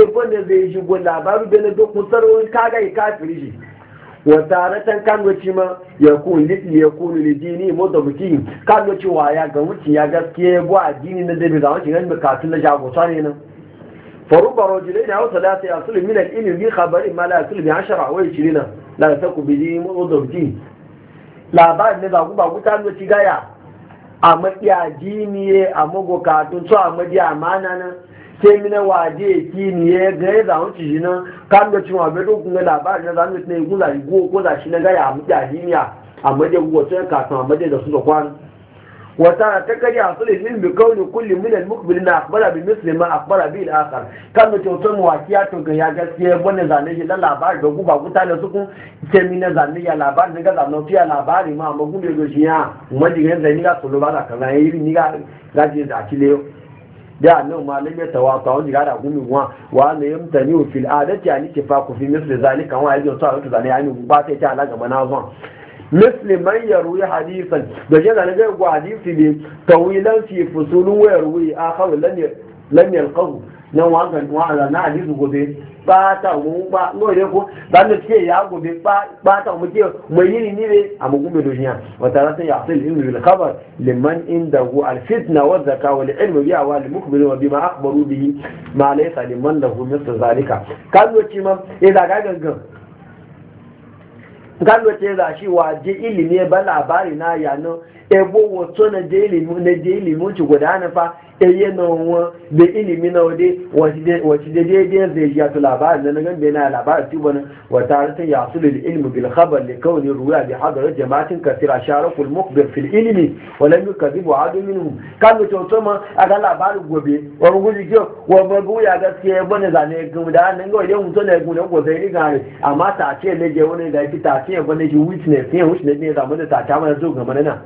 Speaker 1: ebo da zai shigo labaru da na dokun sarwon kaga ya kafiri wa taratan kan wuce ma ya kun litli ya kun lidini mota buki kan wuce wa ya ga wuce ya gaskiye bu addini na dabi da wuce ganin bukatun na jagota ne nan فرب رجلين أو ثلاثة يصل من الإلم mala ما لا يصل بعشرة أو عشرين لا يثق به وضبطه لا بعد نذا غبا غتان وتي غايا أما يا جيني أما غوكاتون سو أما دي kemina waje ki ni ya ga da zamu ci shi nan kan da cewa bai dokun ga labarin na zamu ne gula go ko da shi na ga ya mu ya duniya amma dai go sai ka san amma dai da su da kwan wa ta ta kari asul min bi kauni kulli min al muqbilina akhbara bi misli ma akhbara bi al akhar kan da cewa mu wakiya to ga ya gaskiya wannan zane shi dan labarin da guba guta da su kun kemina zane ya labarin ga zano fiya labari ma amma gube go shi ya mu diga zane ga sulu ba da kan yi e ni ga ga je da kile da annabi malam ya tawasa wani gara gumi wa wa ne yamtani wa fil adati ani tifaku fi misli zalika wa a ta rutu zani ani ba ta ta alaga mana zon misli man yaruwi hadisan da yana ne ga hadisi ne tawilan fi fusulun wayar yaruwi a lan lan yalqahu nan wangan wa'aza na hadisu gobe ba ta mu ba no ko dan da ce ya gobe ba ba ta mu ce mai yini ne ne a mu gobe duniya wa ta rasan ya asal ilmi yi khabar liman indahu al fitna wa zaka wal ilm bi wa mukbil wa bima akhbaru bihi ma laysa liman lahu mithl zalika kan lo ci ma e da ga gangan kan lo ce da shi waje ilimi e ba labari na ya no ebo wato na je ilimin ci gudana fa eye na wọn de ilimi na wade wace da daidai zai ya tu labarin da na gan bai na labarin tu bana wata harsun ya su da ilimi bil khabar da kawai ruwa bi hadarar jama'atin kasira sharakul mukbir fil ilimi walan yi kazi bu hadu minhu kan da cewa ma a ga labarin gobe wani guji kyau wani babu ya gaskiya ya bane zane da nan ga wajen mutum na gudan gobe ya riga ne amma ta ce ne je wani da ya fi ta ce ya bane ji witness ne witness ne zama da ta ta mana zo game na nan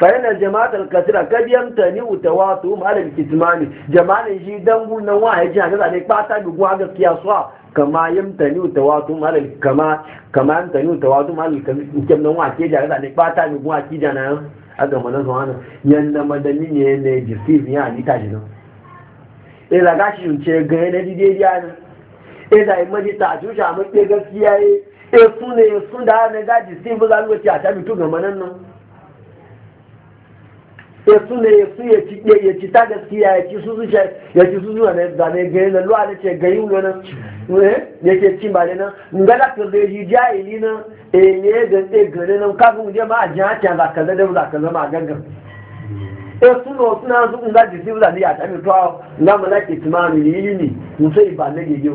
Speaker 1: fa'ina jama'atul kasira kad yamtani utawatu malal kitmani jama'an shi dangu nan wa ya jina da ne fata bi gwa gaskiya so kama yamtani utawatu malal kama kama yamtani utawatu malal kitmani nan wa ke jina da ne fata bi gwa ki jina a ga manan so ana yanda madani ne ne jisif ya ni ta jina eh la gashi shi ce ga ne di dai ya eh da imadi ta juja mu ke gaskiya eh su ne sun da ne gaji sai bu za mu ci a ta mutu ga manan nan ya suna ya su ya ci ta gaskiya ya ci su su ya ci su zuwa da ne gari na luwa da ce gari wulo nan ya ke cin ba ne nan nga da ka zai ji jahili nan e ne ga ɗe gari nan kafin je ma a ji hakiya za ka zada za ka zama a gangan e suna suna su nga jisi za ni ya tafi to nga mana ke tumanu yi ni, musai ba na gege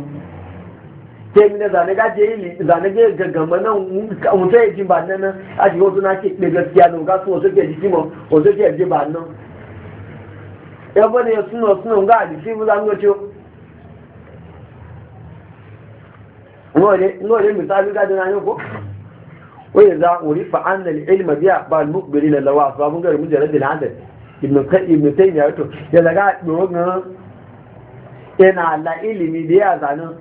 Speaker 1: sai mina zane ga je zane ga gaggama nan mutum ya ji ba nan a shi wasu na ce ɗaya gaskiya nan ga su wasu ke jiki ma wasu ke ji na ya bane ya suna suna ga jiki mu zan gace nore misali ga dana ne ko wai za a rifa an ilma biya ba mukbiri lalawa ba mun gari mun jarar da hadar ibn taymiya to ya daga ɗoro ga yana la ilimi da ya zanen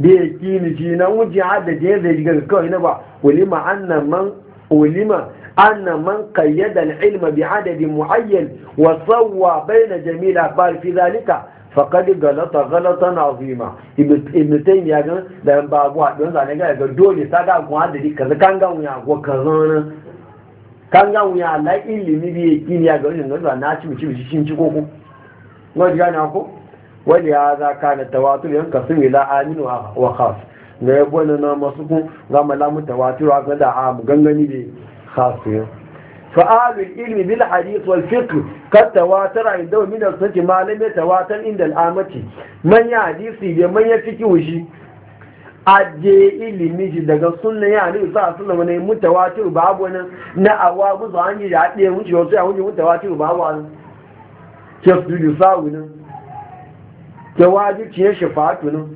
Speaker 1: bi ya ni shi na wuce hada zai yadda ya kawai na ba ulima annan man ulima annan man kayyada ilma bi adadi muayyan wa sawwa baina jamila bar fi zalika faqad galata galatan azima ibn ya ga da ba bu don zane ga ga dole ta ga kun adadi kaza kan ga wuya ko kaza kan ga wuya la ilimi bi ni ya ga wannan na ci ci mu ci ko ko ngodi ga na ko wani ya za ka na tawatur yanka sun yi la'aminu a wakas na ya gwani na masu kun ga malamun tawatur a gada a gangani ne khasu yin fa'alul ilmi bil hadith wal fiqh kat tawatur a idan min al sunni malami tawatur inda al amati man ya hadisi da man ya fiqh shi aje ilimi shi daga sunna ya ne sa sunna wani mutawatir babu wani na awa buzo an yi da haɗe wuce wasu ya wuce mutawatir babu wani ke su yi sa wani ke waji ciye shafa'atu nan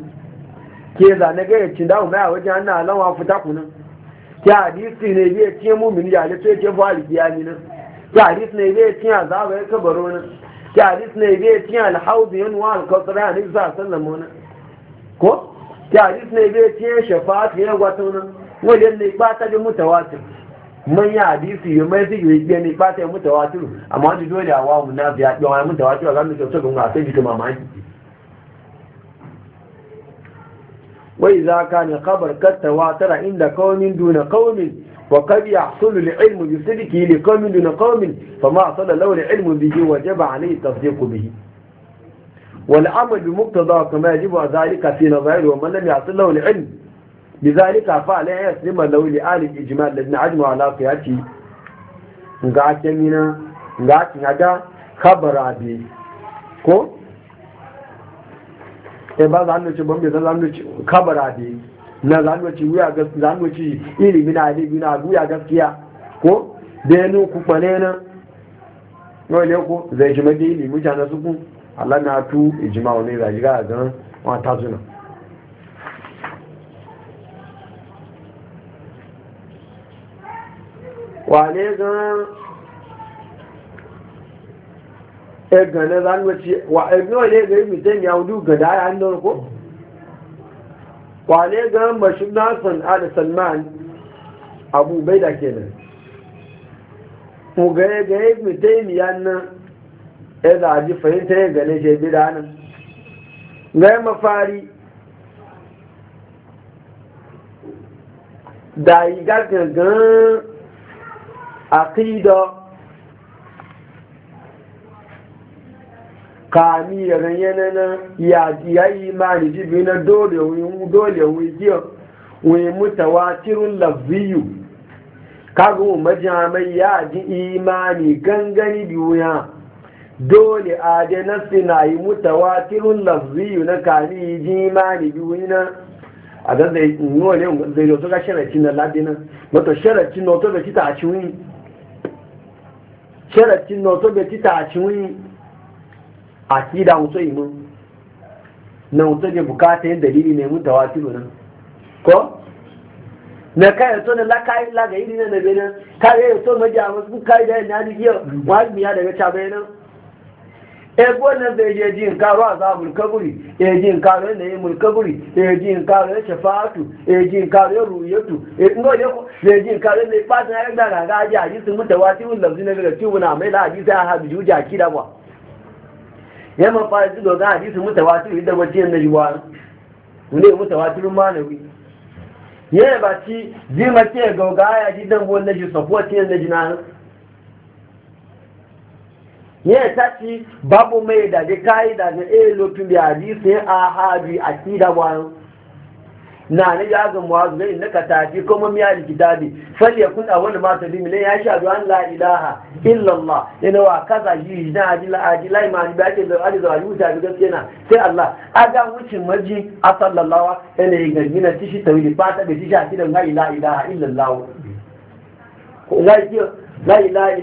Speaker 1: ke zane ga ya cin dawo mai a wajen an na alawa fita kunan ke hadisi ne zai ce mumini ya ce ce fa alkiyami nan ke hadisi ne zai ce azaba ya kabaro nan ke hadisi ne zai ce alhaudu yan wa alkautar ya nufi sa sallama nan ko ke hadisi ne zai ce shafa'atu ya gwata nan wajen ne ya ta da mutawatir yi hadisi ya mai zai yi ne ba ta yi mutawatir amma wani dole a wawu na biya ɗawa mutawatir a zanen kyautar ga wani a sai jikin mamaki wai za ka ne kabar kattawa tara inda kaunin duna kaunin wa kabi ya sulu li ilmu bi kaunin duna kaunin ilmu bi waje ba a nai tasdiku bi wal amal bi muktaza kuma ya jibo a zalika fi wa mallam ya sulu lauri ilmu fa alai ya sulu ma lauri alif ijima da na ajma ya ci nga ake nina nga da kabara ko sai eh, ba zanuci bambe zan zanuci kabara ne na zanuci wuya gaskiya zanuci ilimi na ne na wuya gaskiya ko da ya nuku kwane na yau ne ko zai shi mafi ilimi mutane su ku Allah na tu ijima wani zai ga ganin wata suna wane ganin Eh, ganin ce wa yi eh, ne ga yi mutum ya wudu ga daya an don ko? wane ga mashi nasan ala salman abu bai da ke nan mu ga yi ga yi mutum ya nan ya ji fahimta ya gane shi bi da nan ga yi mafari da yi gaggagan akidar kami ya ganye na na ya yi imani jibi na dole wuri giyo wuri mutawatirin lafiyu kagun majamai ya ji imani gangani biyu ya dole a da nasi na yi mutawatirin lafiyu na kami ji imani biyu na a da zai nole zai da ka sharaci na labina mato sharaci na otobe kita a ciwin sharaci na otobe kita a ciwin akida wuce imu na wuce ne bukata yin dalili ne mun tawatiru nan ko na kai to na la kai la ga irin na benan kai ya to maji a wasu kai da na ji yo wani ya daga ta benan e gona bai je jin karo azabul kaburi e jin karo ne yi mulkaburi e jin karo shafatu e jin karo ruyatu e ngo ne ko e jin karo ne fatan ya da ga ga ji a ji sun mutawatiru lafzin daga tubuna mai la ji sai ha bi juja kida ba ya fara jido ga hadisi mutawatir idan wajiyar na yiwa ne mutawatir manawi ya ba ci zima ke gauga ya ji dan wani naji sabuwa ce na jina ya ta ci babu mai da dai kayi da na elo eh, tun da hadisi a hadi a kida wani na ne ya ga muwazu ne naka tafi kuma miya likitabi fal yakun awwal ma dimi ne ya sha an la ilaha illa allah yana wa kaza yi na ajila ajila ma ni ba ke da ali da ali ta ga kenan sai allah aga wucin maji a sallallawa yana yi gangina tishi tawili ba ta ga tishi a kidan la ilaha illa allah la ilaha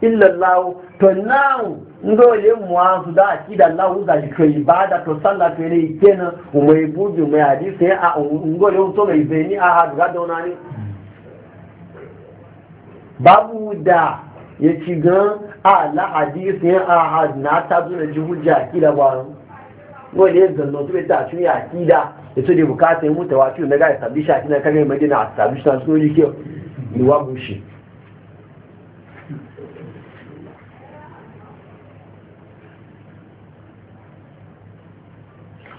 Speaker 1: illa allah to now ndole mwanzu da akida lahu za jiko ibada to salla to ikena umeibuji umehadisi a ngole izeni a babu da ya ci gan a la hadisi a had na ta zo da ji akida ba ngole zanno to ta ci akida yato da bukata ya mutawa na ga establish akida establish ta so bushi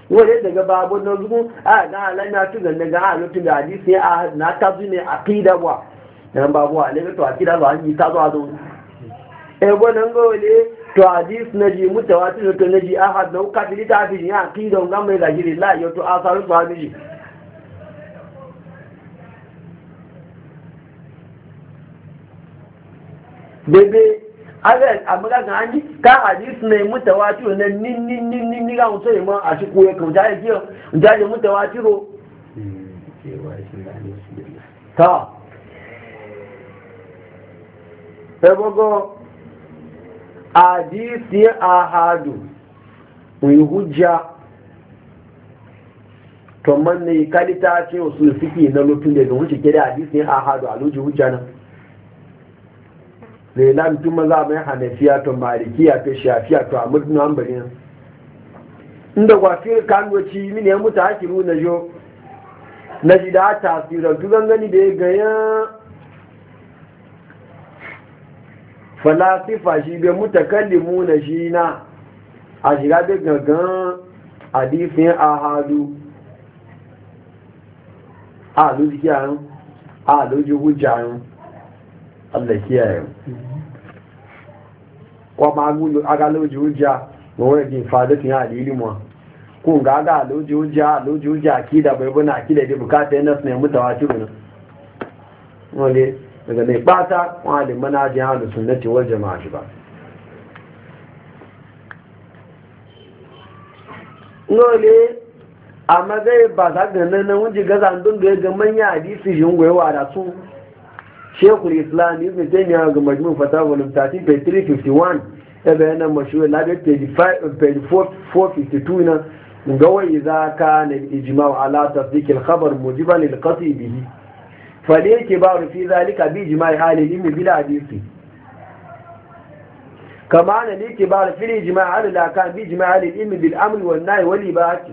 Speaker 1: wani daga babu na zuku a na halar na tugan daga a lutun da hadisi a na tazu ne a kida wa yan babu a ne to a kida ba an yi tazo a zo e gwanan ga wale to hadis na ji mutawa tun to na ji ahad na uka fili ta fi ya kida ga mai zahiri la yo to asaru ba ni bebe aga amaga anyi ka hadis ne mutawatir ne nin nin nin nin ga a shi ta sai bogo ahadu mu hujja to man ne kalita na lutun da wuce ahadu a lutun hujja lelan tun maza mai hanafiya to malikiya to shafiya to amur an bari inda kwafir kanwaci mini ya mutu hakiru na jo na ji da tasirar tugan gani da ya gaya falasifa shi bai mutakallimu na shi na a shiga bai gangan hadifin ahadu a halu jikiya a lo ji hujja Allah kiyaye wa magulu aga loji hujja wa wani fadatu ya alili mu kun ga aga loji hujja loji hujja akida bai bana akida da bukata yana ne mutawatir ne wale daga ne bata wani manajin ahlus sunnati wal jama'a shi ba nole a magai ba za ga nan wuji gazan dun da ya ga manya hadisi yin gwewa da su shekul islam ibn taymiya ga majmu fata volume 13 page 351 ebe yana mashuwa labe page 452 na ga wai za ka na ijma'u ala tasdiq al-khabar mujiban lil qati bihi yake ba rufi zalika bi ijma'i ahli ilmi bil hadisi كما أن الإكبار في الإجماع على الأحكام بإجماع العلم بالأمر والنهي والإباحة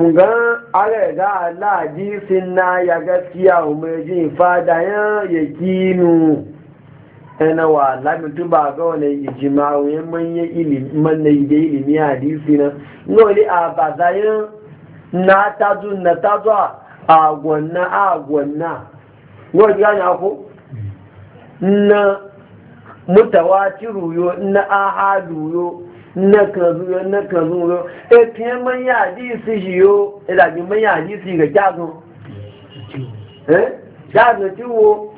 Speaker 1: kunga ala ga ala jisin na ya gaskiya umarji fada ya kinu ana wa lamitu ba ga wani ijimawo ya manya ilimi manna ide ilimi hadisi na ngoli a bazayin na tazu na tazu a gwanna a gwanna ngoli gani ako na mutawatiru yo na aha yo na kazu yo na kazu yo e tiye manya hadisi shi yo e da ji manya hadisi ga jagun eh jagun ciwo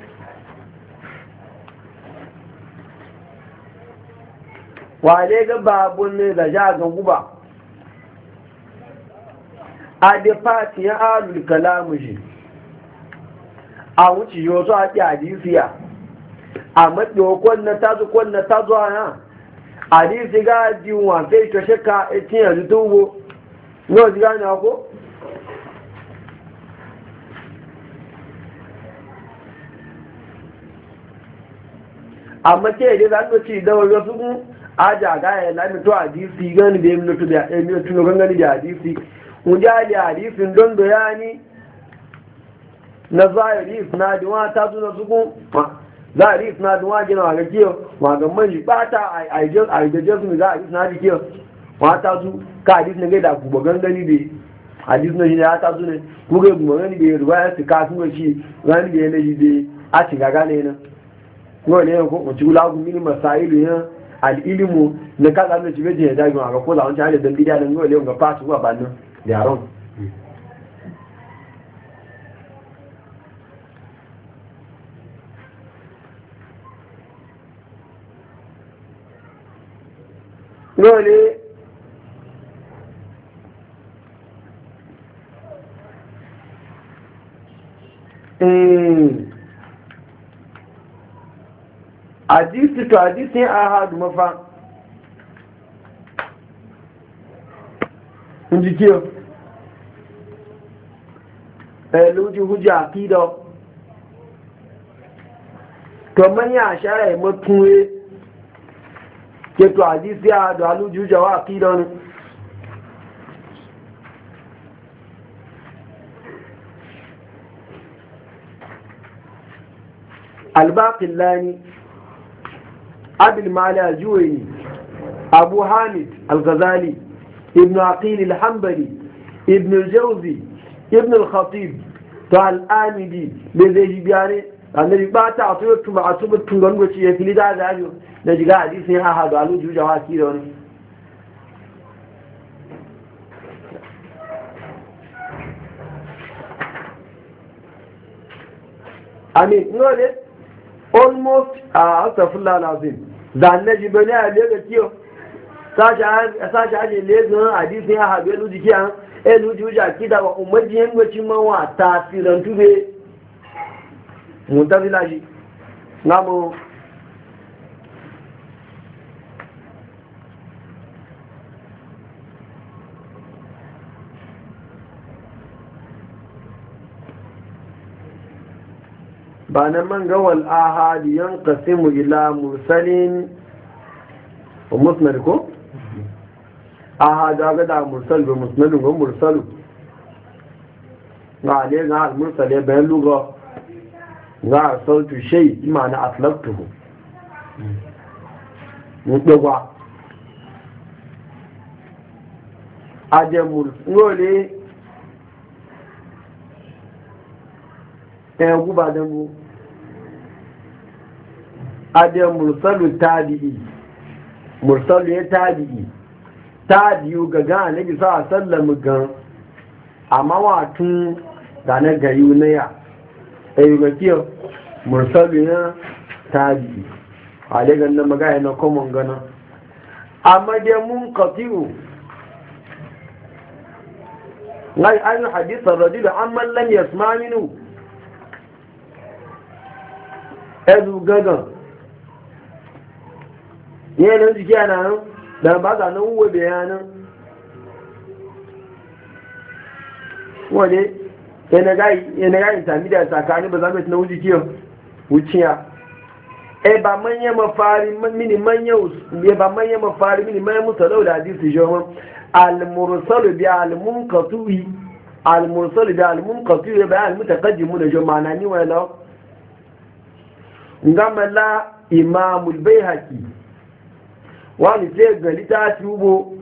Speaker 1: wale ga babun ne da jagun guba a da fati ya alul kalamu shi a wuce yo so a hadisiya a maɗi kwanna ta zo kwanna ta zo a àdíṣe gáàdì wọn àfẹ́ ìtọ́ṣẹ́ka etí ẹ̀lú tó wo náà ti gáàdì ọkọ́ àmọ́ tí èdè láti ti ìdánwò yọ fún fún ajá àgáyẹ̀ láti tó àdíṣe gánì bí èmi lótú èmi na lọ gángan níbi àdíṣe ń jáde àdíṣe ńdọ́ndọ̀ yá ní na zahiri ìsinadi wọn atásúná sókún za a ri suna duwa gina wa gajiyo wa ga manji ba a gajiyar su za a ri suna jikiyo wa ta su ka hadis na gaida guba gangani da hadis na shi ne ya ta su ne kuma ga guba gangani da ya ruba ya su ka sun shi gani da ya na shi a ci gaga ne na kuma ne ko mu ci gulagu mini masailu na kaza na ci bai jin ya dagi ga ko za wancan hajjar dan ne ga ba nan da yaron lóòlé àdísì tó àdísì ahadu mafa njiki o ẹ̀lú e, ti hujjá àkídọ̀ tọ́mọ́ ní àṣà ẹ̀mọ́ e, tún e. keto hadisi ya da aluju jawa aqida ne albaqillani abul mali ajuwi abu hamid al-ghazali ibn aqil al ibn al jauzi ibn al-khatib to al-amidi da zai yi biyare annabi ba ta a tuba a tuba ya fili da da da jiga hadisin ya haɗu a lujiyu jawa ki da wani amin no ne almost a asafullah lazim zanne ji bane a lega kiyo sashi aje lega hadisin ya haɗu ya e, lujiyu kiyan ya lujiyu jaki da wa umarji yin mawa tasirantu ba na man gawal ahadi yan kasimu ila mursalin musnad ko ga da mursal bi musnadin ko mursalu ga ne ga al bayan luga ga sautu shay aje mursole e eh, gubadan mu adiyar mursalu tabi'i mursalu ya tabi'i tabi'u ga gan annabi sa sallam gan amma watun da na gayu na ya ayu ga kiyo mursalu ya tabi'i a daga nan magana na common gana amma dai mun qati'u ngai an hadith ar-rajul amma lam yasma minhu ezu gagan yanayin jiki yana nan da ba za nan uwe bayanan wane yana gayi sami da tsakani ba za mai tunan jiki wuciya e ba manya mafari mini manya e ba manya mafari mini manya musalau da hadisi joma al-mursalu bi al-munqati al-mursalu bi al-munqati bi al-mutaqaddimu ma na ni wala ngamala imamul bayhaqi wani ce ga litafi ubo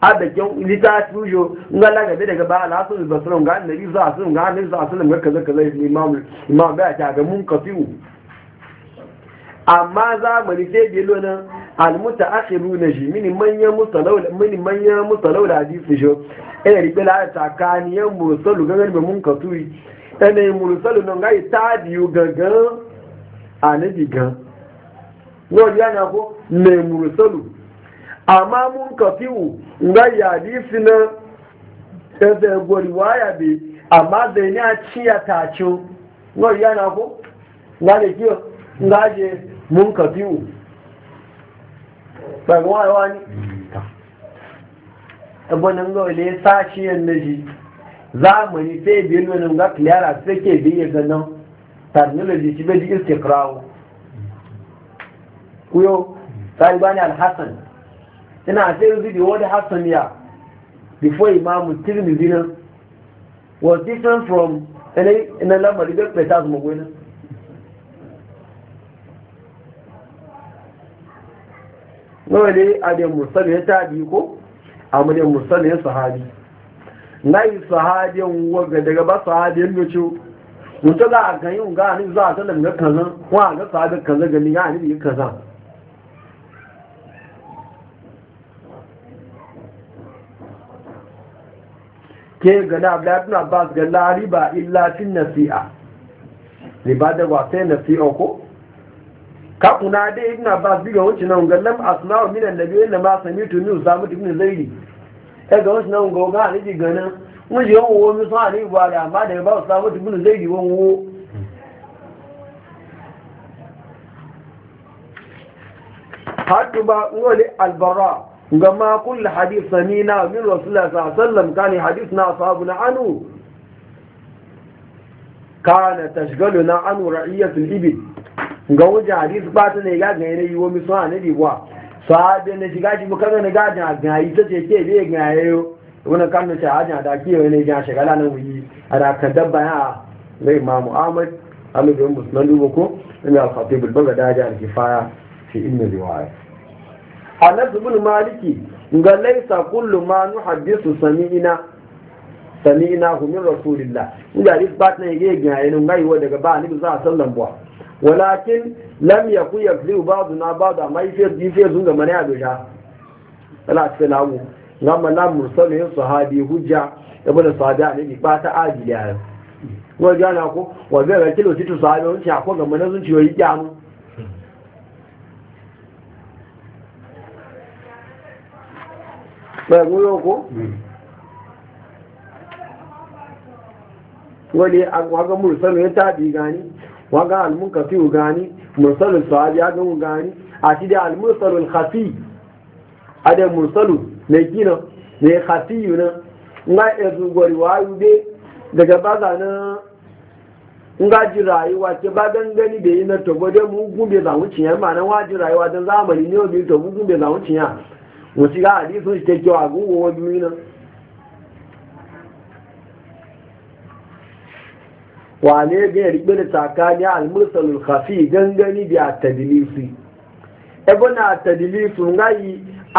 Speaker 1: a bakin litafi ujo in ga lagabe daga ba ala sun basiran ga annabi za su ga annabi za su ga kaza kaza imam imam ba ta ga mun kafiu amma zamani sai belo nan almuta akhiru na shi mini manyan musalaula mini manyan musalaula hadisi jo eh ribela ta kaniyan mursalu ga ganin mun kasuri ene eh, mursalu nan ga ta biyu gaga anabi gaga wọ́n ya na ko mẹ̀mùrù sọ́lù amma mú kàfíwù nga yàdí sinà waya bi, amma bì àmá bẹ̀ ní àti àtàkì wọ́n yá ní akó nga lè kí ọ nga jẹ mú kàfíwù pẹ̀lú wáyà wá ní. ẹgbọ́n ní nga ilé sáàkì yẹn méjì zamani sai biyu nuna ga kiliyara sai ke biyu ganin technology shi bai ji istikirawo kuyo talibani al-hassan ina sai yanzu da wani hassan ya before imamu tirmidhi na was different from ina lamari ta kweta su magwai nawa ne a da musamman ya tabi ko a mu da musamman ya sahabi na yi sahabiyan waga daga ba sahabiyan da ciwo mutu za a ganyi ga ni za a sanar ga kaza kuma a ga sahabi kaza gani ga yi kaza ke gana abdullahi abbas ga lari ba illa cin nasi'a riba da wa sai nasi'a ko Kakuna dai ibn abbas diga wancin nan ga lam asma'u min annabi inna ma samitu min samu ibn zaidi ya e ga wancin nan ga ga aliji gana mun yawon wo mi suna ani ba da amma da ba samu ibn zaidi won wo hatu ba wani albara gama kullu hadith samina min rasulullah sallallahu alaihi wasallam na hadithna na anu. kana tashgaluna anu ra'iyatul ibil ga wuce hadith ba ta ne ga ga yi wo mi so anabi wa sahabe ne shiga ji mukan ne ga ga ga yi ta ce ke be ga yayo wannan kan ne ta da ke ne ga shagala nan wuyi ara ka dabba ya ga imam ahmad alu bin musnadu ko ina fatibul bagada ja al kifaya fi ilmi riwaya anas bin maliki ga laisa kullu ma nuhaddisu sami'ina sami'ina hu min rasulillah inda hadis ba ta yage gaye nan wa daga ba annabi za sallan buwa walakin lam yaku yakli ba'du na mai amma di fi sun ga mana ya doja ala salamu ga mala mursalin sahabi hujja ibn sahabi annabi ba ta ajiya ko jana ko wa zai ga kilo titu sahabi ya ko ga mana sun ciwo yi kyamu ɓaru yau ko? wani waga mursalu ya tabi gani waga almunkafiyu gani mursalu sahabi ya gani a ti da almursalu alhafi a da mursalu mai gina mai na nga ezu gwari wayu be daga baza na nga ji rayuwa ke ba gangani da yi na tobo da mu gumbe ma na wa ji rayuwa don zamani ne obi tobo gumbe ya. wọ́n ti rá àdífún ìtẹ́jọ àgúnwò obìnrin náà wà ní ẹgbẹ́ ìrìgbẹ́lẹ̀ tàkà ní almusalul khafi gangani da àtàdìlífì ebe na àtàdìlífì ń yi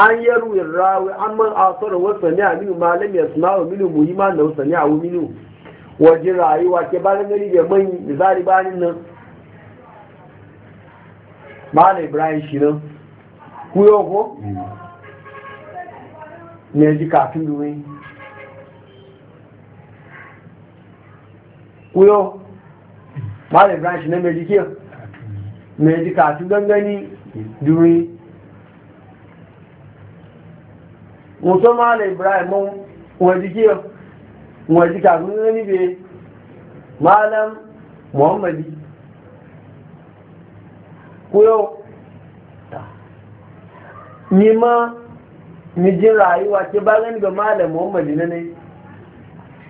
Speaker 1: an yẹrù ìráwé an mọ́ àtọ́rọ̀ wọ́n sani a máa lẹ́mí ya suna wa mú muhimman da wasu sani àwọn mínú wọ́n jí ràyíwá kẹ gani gangani bí ẹ̀mọ́ yìí nìzárí bá nínú máa ibrahim ṣìnà kúyọ́ ne ji kafin domin kuyo mara branch na mai jikiyar ji kafin gangani domin muso mara ibrahim wọ́n jikiyar wọ́n ji kafin malam muhammadi kuyo ni nima. mijin rayuwa ce ba gani ga malam muhammad ne ne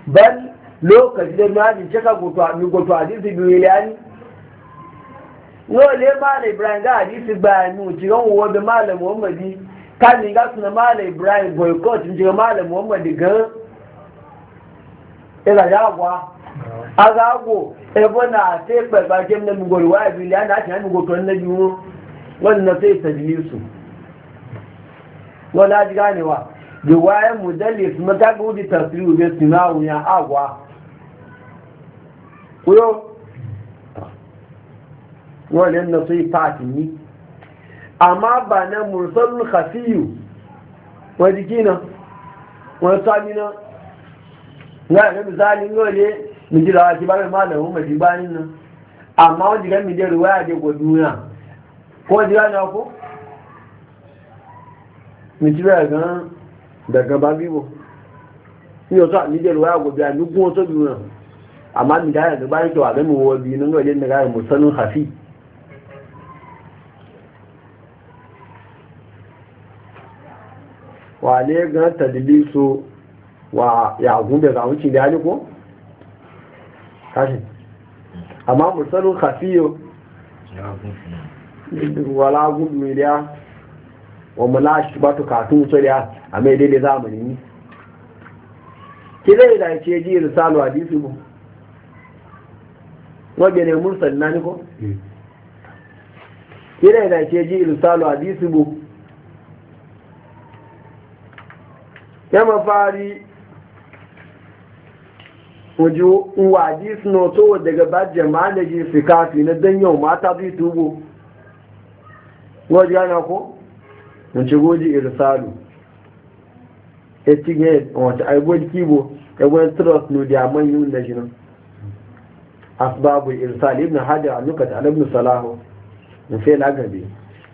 Speaker 1: bal lokaci da malam cika goto mi goto hadisi jinsi biyu ilani yau le malam ibrahim ga hadisi bayan mu ci gan uwa da malam muhammad ni ga suna malam ibrahim boycott mu ci ga malam muhammad gan ila yagwa agago ebo na te pẹgbàjẹ mi gòlùwà ìbílẹ̀ àti àti àmì gòtò ẹnẹ́jú wọn wọn ni na fẹ́ ìtẹ̀jú yìí sùn wala ji ganewa riwayar mudallis mata ga wuce tasiru bai sinawu ya agwa kuyo wannan na sai fatimi amma ba na mursalul khafiyu wa jikina Wani sabina na ga misali ne mun ji rawa ki ba ma da mu ji banin nan amma wani ga mi da ruwaya da goduna ko ji na ko nìjíríà gan dàgbàbá bíbò ní ọ̀tọ́ àníjẹ̀lú àgbòbí àníkún ọ̀tọ́ bí wọn àmá nìgáyà tó bá ń tọ́ àbẹ́mù wọ bí nínú ọjọ́ nìgáyà mọ̀ sánú hafi wà lé gan tàbílí so wà yàgùn bẹ̀rẹ̀ àwọn ìṣẹ̀lẹ̀ àníkún káṣì àmá mọ̀ hafi wa mulashi ba to katun tsariya a mai daidai zamani ne ki zai da ce ji risalu hadisi bu wajen ne sanna na ko hmm. ki zai da ce ji risalu hadisi mu ya mafari wajen uwa hadisi na to daga bajjan jama'a da ji fi kafi na Dan yau mata zai tubo wajen ko wace goji irsalu ya ci ne wace aibuwan kibo aibuwan trust no da man yi na jinan asbabu irsal ibn hajji a lokacin ta alabnu salahu in fe lagabe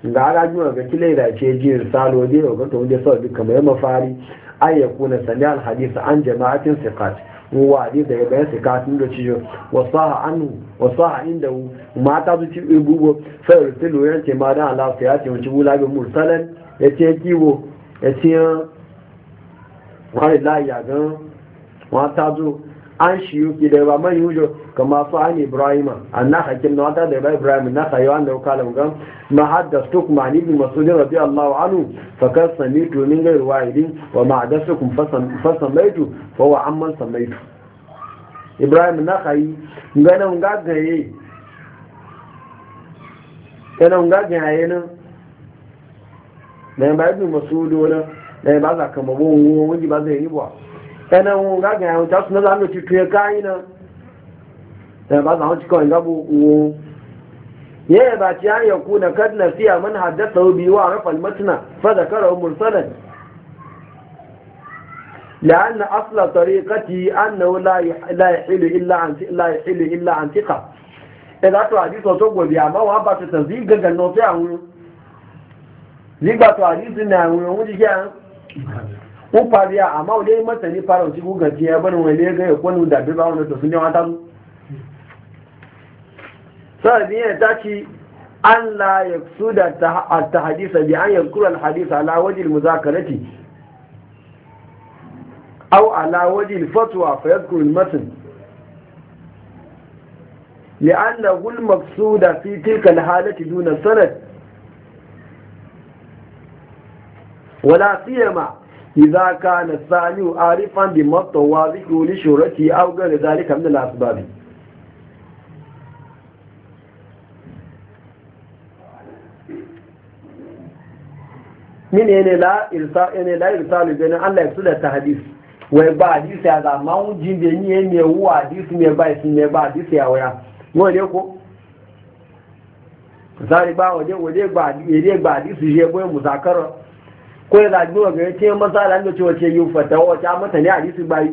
Speaker 1: da ala juma ga kila da ce ji irsalo wajen yau gata wajen sau duka mai mafari an ya kuna al-hadisa an jama'atin sikat wa da daga bayan sikat da cijo wa anhu inda mata su ci ibugo sai loyan ce ma dan Allah ya ce wuce wula bi mursalan ẹ̀tí kíwò ẹ̀tí wọ́n rí láyà gan wọ́n tájú an shi yi ki da ba man yujo kama su an ibrahim na hakim wata da ibrahim na sayo an ma ha da stoke ma hadda stuk ma ni bin masudin rabi allahu anu fakar sami min gairu wa ma da su kun fasan fa wa an man ibrahim na nan na ba ibn mas'ud wala na ba za ka mabo wo wani ba zai yi ba Ɗan an ga ga yau ta suna zanu ci tuye kai na na ba za mu ci kawai gabo wo ya ba ci an ku na kad na siya man haddatha bi wa rafa al matna fa zakara mursalan لأن أصل طريقته أنه لا لا يحل إلا عن لا يحل إلا عن ثقة إذا تعديت وتقول يا ما وابا تتزيد جنوتي عنه nígbà tó àdísì ní àwọn ohun jíjẹ́ ń parí àmá olé mọ́tẹ̀ ní parọ̀ tí gúgàn ti ẹgbẹ́ ní wọn ilé ẹgbẹ́ ẹ̀kọ́ ní ìdàbí bá wọn tòfin jẹ́ wọn sọ́rọ̀ ní ẹ̀ táàkì an la ya su da ta hadisa an yankura hadisa ala wajil muzakarati aw ala wajil fatwa fa yadhkuru al-matn fi tilka sanad wala siyama idza kana sani arifan bi matawa zikru li shurati aw ghayr zalika min al-asbab min ne la irsa ne la irsa li bayan Allah ya ta hadis wai ba hadis ya da ma un jin da ni ne wa hadis ne ba shi ne ba hadis ya waya wani ko zari ba waje waje ba hadis je boye muzakara ko ya zagi wa gari cikin masa da hannu cewa ce yi fata wata mata ne a jisu bayi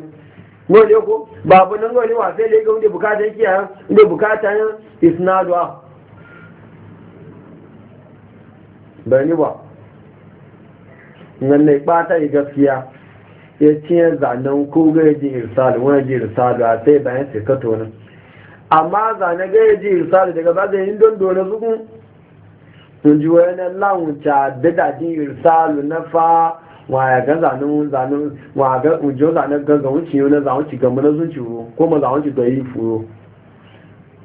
Speaker 1: wani ko babu nan wani wa sai lega wanda bukata yake yan inda bukata yan bani ba nan ne kpata yi gaskiya ya ciye zanen ko gaya ji irsali wani ji irsali a sai bayan sai kato amma zane gari ji irsali daga bazin indon dole zukun ji wani launca dadadin irsalu na fa wa ya ga zanen zanen wa ga ujo zanen ga ga wuce yau na zanen ci gamu na zuci ro ko ma zanen ci ga yi furo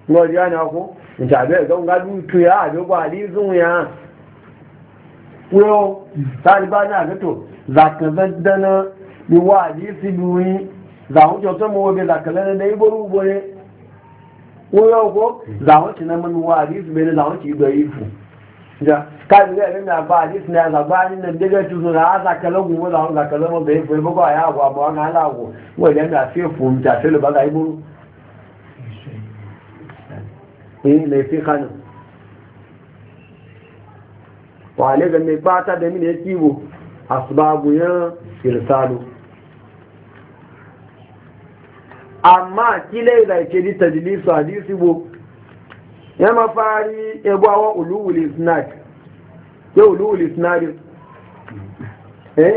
Speaker 1: ngo ji ana ko in ta ga ga ga du tu ya ajo ba li zun ya wo ta ni ba na ga to za ka zan dana ni wa li si duyi za mu jo to mo be za ka lana dai boru boye wo yo ko za mu ci na man wa li su be za mu ci ga yi furo kan ga ina ba hadis na zabani nan daga tuzu na za ka lagu wa za ka lamu bai bai ba ya gwa ba na lagu wa dan da sai fu mu ta sai ba ga ibu eh ne fi kan wa ne ga ne ba ta da mini ya kibo asbabu ya irsalu amma kile da ke di tadlisu hadisi bo ya mafari ebuwa uluwul isnad ya uluwul isnad eh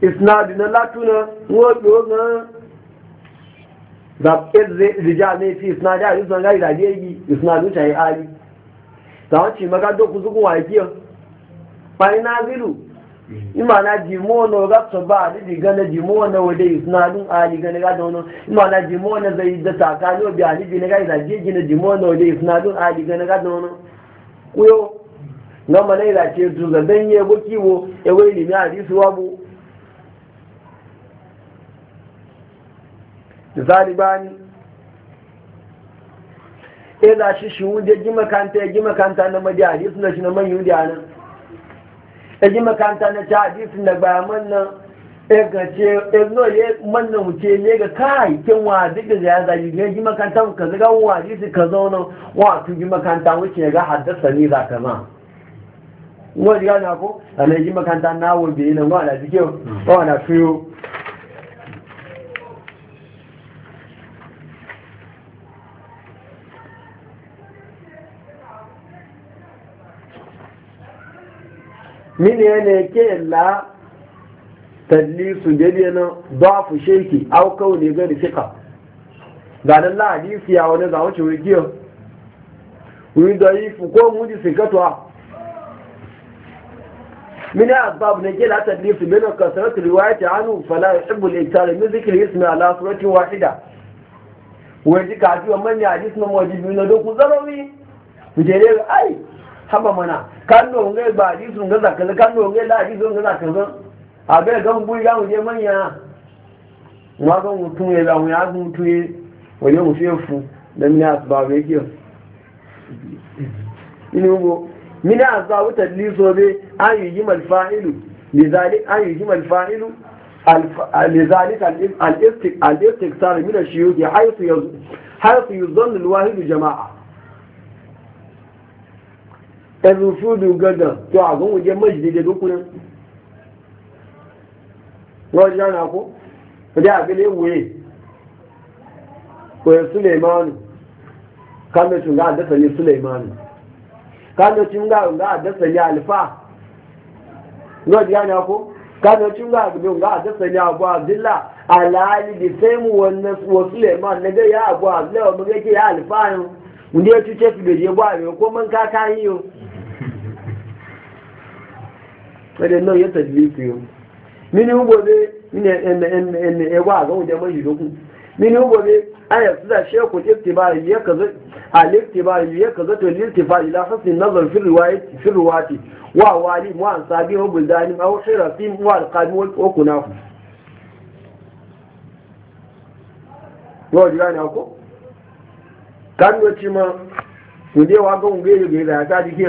Speaker 1: isnad na latuna wodo na da rija ne fi isnad ya yusan gari da yi isnad ta yi ali ta wace maka dokuzugun wa kiyar fari naziru Mm. imana jimono ga su ba ni diga na jimono wade isnadun ali ga ga dono imana jimono zai da takano bi ali bi ne ga da jeji na jimono wade isnadun ali ga ga dono kuyo ngama na ila ce tu ga danye go kiwo e wai limi hadisi wabu zalibani e da shi shi wunde ji makanta ya ji makanta na madi hadisi na shi na man yudi anan eji makaranta na ci hadisin da bayan mannan e ce ego ye mannan wuce ne ga kai kin wa duka ya zaji ne ji makaranta ka zaga wa su ka zauna wa tu ji makaranta wuce ga haddasa ni za ka ma wani na ko ana ji makaranta na wo bi ne wa na dike wa na fiyo mini yana ke la tadlisu jeli na dafu sheki au kauni gari fika ga nan la hadisi ya wani zawon ci wikiyo wani da yi fuko mudi sikatuwa mini asbab ne ke la tadlisu bin kasaratu riwayati anhu fala yuhibbu al-iktar min dhikri ismi ala surati wahida waji kaji wa manya hadisi na wajibi na doku zarawi mujere ai haba mana kando ngai ba ji sun ga zaka kando ngai la ji sun ga zaka zo abe ga bu ya mu je manya wa ga mu tuye da mu ya mu tuye waje mu tuye fu dan ni ba be ki ni mu min azza wa so be an yi mal fa'ilu li lidhalik an yi mal fa'ilu لذلك الاستكثار من الشيوخ حيث يظن الواحد جماعه ẹnu fúdù gangan tó àgún òjẹ méjìdíje lókun náà wọ́n jẹ́ ọ̀nà kó ọjọ́ àgbélé wòye wòye suleimanu kámẹ́tù ńgá àdẹ́sẹ̀lẹ̀ suleimanu kámẹ́tù ńgá ńgá àdẹ́sẹ̀lẹ̀ alifa wọ́n jẹ́ ọ̀nà kó kámẹ́tù ńgá àgbélé ńgá àdẹ́sẹ̀lẹ̀ abu abdullah alaali di sẹ́mu wọ suleiman nẹgẹ́ yà abu abdullah ọmọ wẹ́dẹ̀ náà yẹ́ tẹ̀lé fi o mí ní wọ́n bọ̀ ní ẹwà àgọ́wọ̀n jẹ́ mọ́ ìlókun min yi gobe an yasu da shi ku iftibari ya kaza al-iftibari ya kaza to al-iltifari la nazar fi riwayat fi wali mu an sabi wa buldani aw shirafi wa al-qami wa kunafu wa jira na ko ma ku je wa ga unge ga da ta dike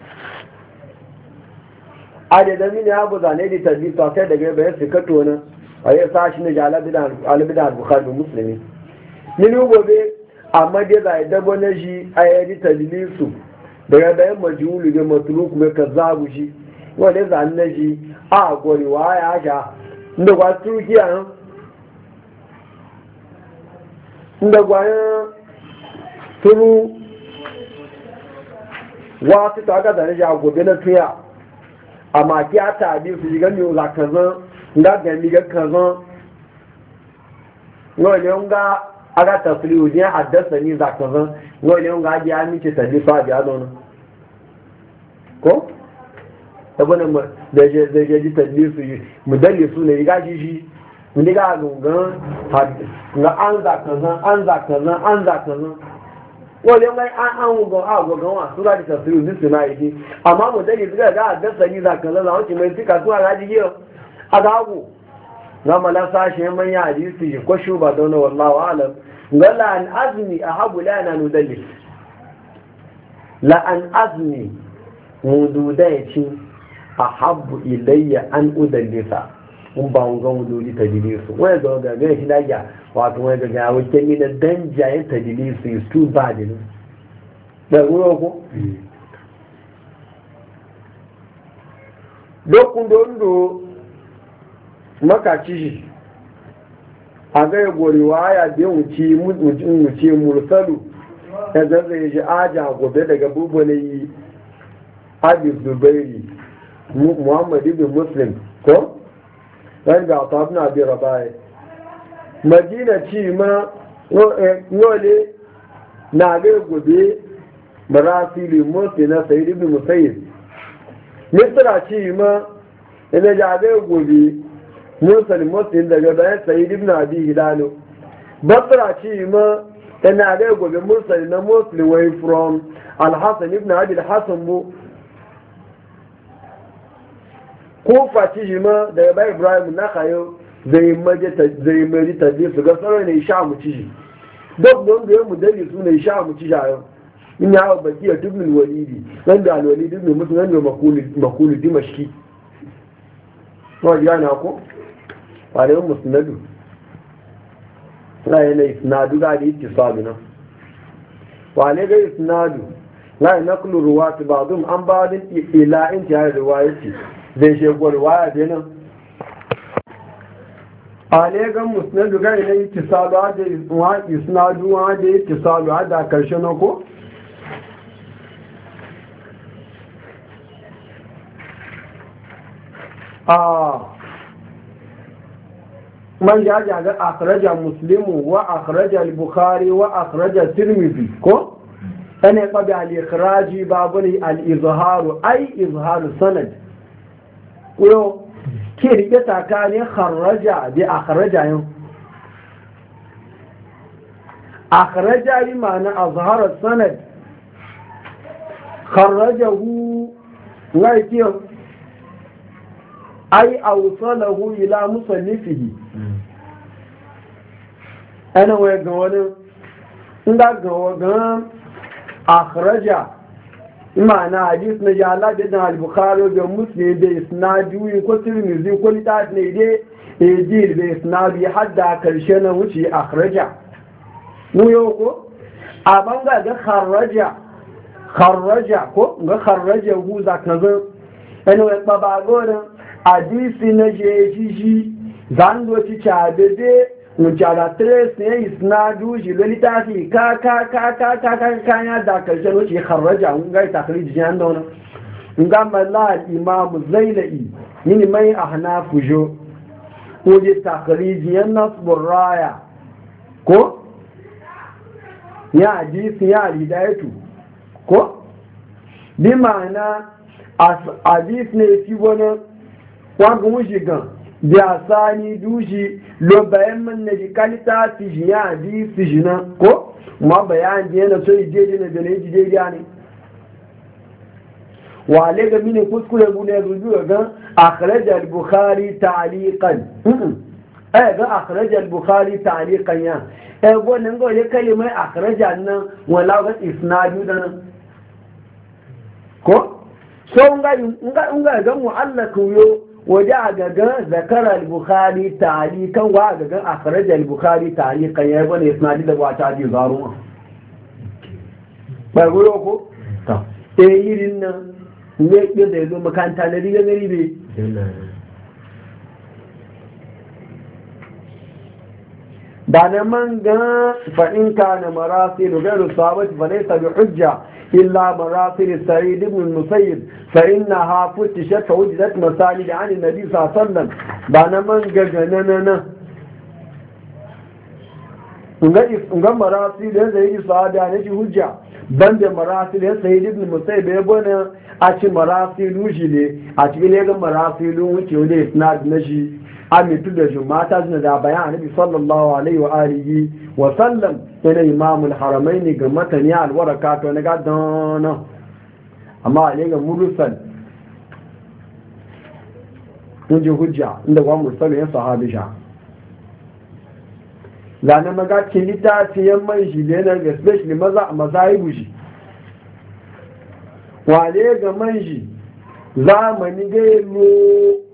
Speaker 1: adada ne abu zane da tarbi sosai daga bayan su kato nan a yi sashi na ji alabidan bukari musulmi mini gobe amma dai za a dabo na shi a yi tarbi su daga bayan majulu da matulu kuma ka zagu shi wani zane na shi a gwarewa ya sha inda kwa turkiya nan inda kwayan turu wasu ta ka zane shi a gobe na tuya amma ki a bi su shiga ne la kazan nga ga mi ga kazan no ne nga aga tasliu ne haddasa ni za kazan no e ne nga ya mi ce tabi fa bi adon ko abu ne da je da je bi su mu dalle su ne ga ji ji mu ne ga gungan na an za kazan an za kazan an za kazan wani yan an an wuga a gwagon wà tó láti tasiru zisu na yi amma mu dai zuga ga a dasa yi za kaza za wace mai suka suna na ji yau a gago na malasa shi man ya hadisi ko shuba da wani an azmi a habu la na la an azmi ci a habu an in ba mu gan wudoli tadilisu wani ga ga ga shi lafiya wato wani ga ga wace na dan jayen tadilisu is too bad ne da wuro ko dokun dondo makaci shi a ga gorewa ya bi wuce wuce mursalu aja gobe daga bubulai abis dubairi muslim ko ɗan da ta abu na bi rabaye madina ci ma yole eh, na ga gobe barasili motsi na sayi ibn musayyib misra ci ma ina ja ga gobe musul motsi daga bayan sayi ibn abi hilalo basra ci ma ina ga gobe musul na motsi way from Alhassan hasan ibn abi al-hasan bu ko faci shi ma daga bai ibrahim na kayo zai maji tabi su ga tsaro ne sha mu ci don duk don zai mu dali su ne sha mu ci shi yau in ya hau baki a dubnin walidi nan da walidi ne musu nan da makulu dimashki ma ya na ko mu musnadu na yanayi sinadu ga da yake sabi nan wane ga isnadu na yi ruwa su ba zum an ba da ila'in tiyar ruwa yake zai shi waya a nan. a ne gan musnadu ga ina yi tisalu hada isnadu da yi tisalu da karshe na ko a man jaja ga akhraja muslimu wa akhraja al-bukhari wa akhraja tirmidhi ko ana qabi al-ikhraji babu al-izharu ay izharu sanad kuyo ke rike tsakanin kharaja da akharaja yau akharaja yi ma'ana azhara sanad kharajahu laiki ai awsalahu ila musallifihi ana waya ga wani inda ga wa akharaja imana hadis na jala da dan al-bukhari da muslim da isnadu ko tirmidhi ko litat ne da ejil da isnadu hadda karshe na wuce akhraja mu yau ko a banga ga kharraja kharraja ko ga kharraja hu za ka zo ana wa baba hadisi na jeji zan do ci cha da mujara tres ne isnadu shi lalita fi ka ka ka ka ka ka ka ya da no wuce kharaja un ga ta jan jiyan don un ga la imam zailai ni mai ahna fujo ko je takhrij jiyan nasbur buraya ko ya hadisi ya hidayatu ko bi ma'ana as hadis ne fi wani wagun shi gan biasani duji lo bayan man na jikalita tijina bi tijina ko ma bayan je na so ije na je ne ije je ne wa le ga mini kuskure bu ne ruju ga akhraj al bukhari ta'liqan eh ga akhraj al bukhari ta'liqan ya eh go nan go le kalimai akhraj nan wala ga isnadu nan ko so nga nga nga ga mu'allaqu yo وجاءه ذكر البخاري تعليقا وجاءه أخرج البخاري تعليقا يبني إسناد أبو عتاد يزاروه بقولوا كو تيرين إيه نيت من ذي مكان تاني غريبي بانا من فإن كان مراسل غير صابت فليس بحجة إلا مراسل سعيد بن المسيب فإنها فتشت فوجدت مساجد عن النبي صلى الله عليه وسلم بانا من جنننا nga marasi da zai yi sa'ada na shi hujja ban da marasi da sai ibn musaib ya bana a ci marasi luji ne a cikin ne ga marasi lu wuce ne na shi amitu da jumata suna da bayan annabi sallallahu alaihi wa alihi wa sallam yana imamul haramain ga matani alwaraka to na don amma ne ga mursal kunje hujja inda wa mursal ya sahabi sha la lana maga kilita ce yan mai shi da ga especially maza a mazahibu shi wale ga manji zamani ga yi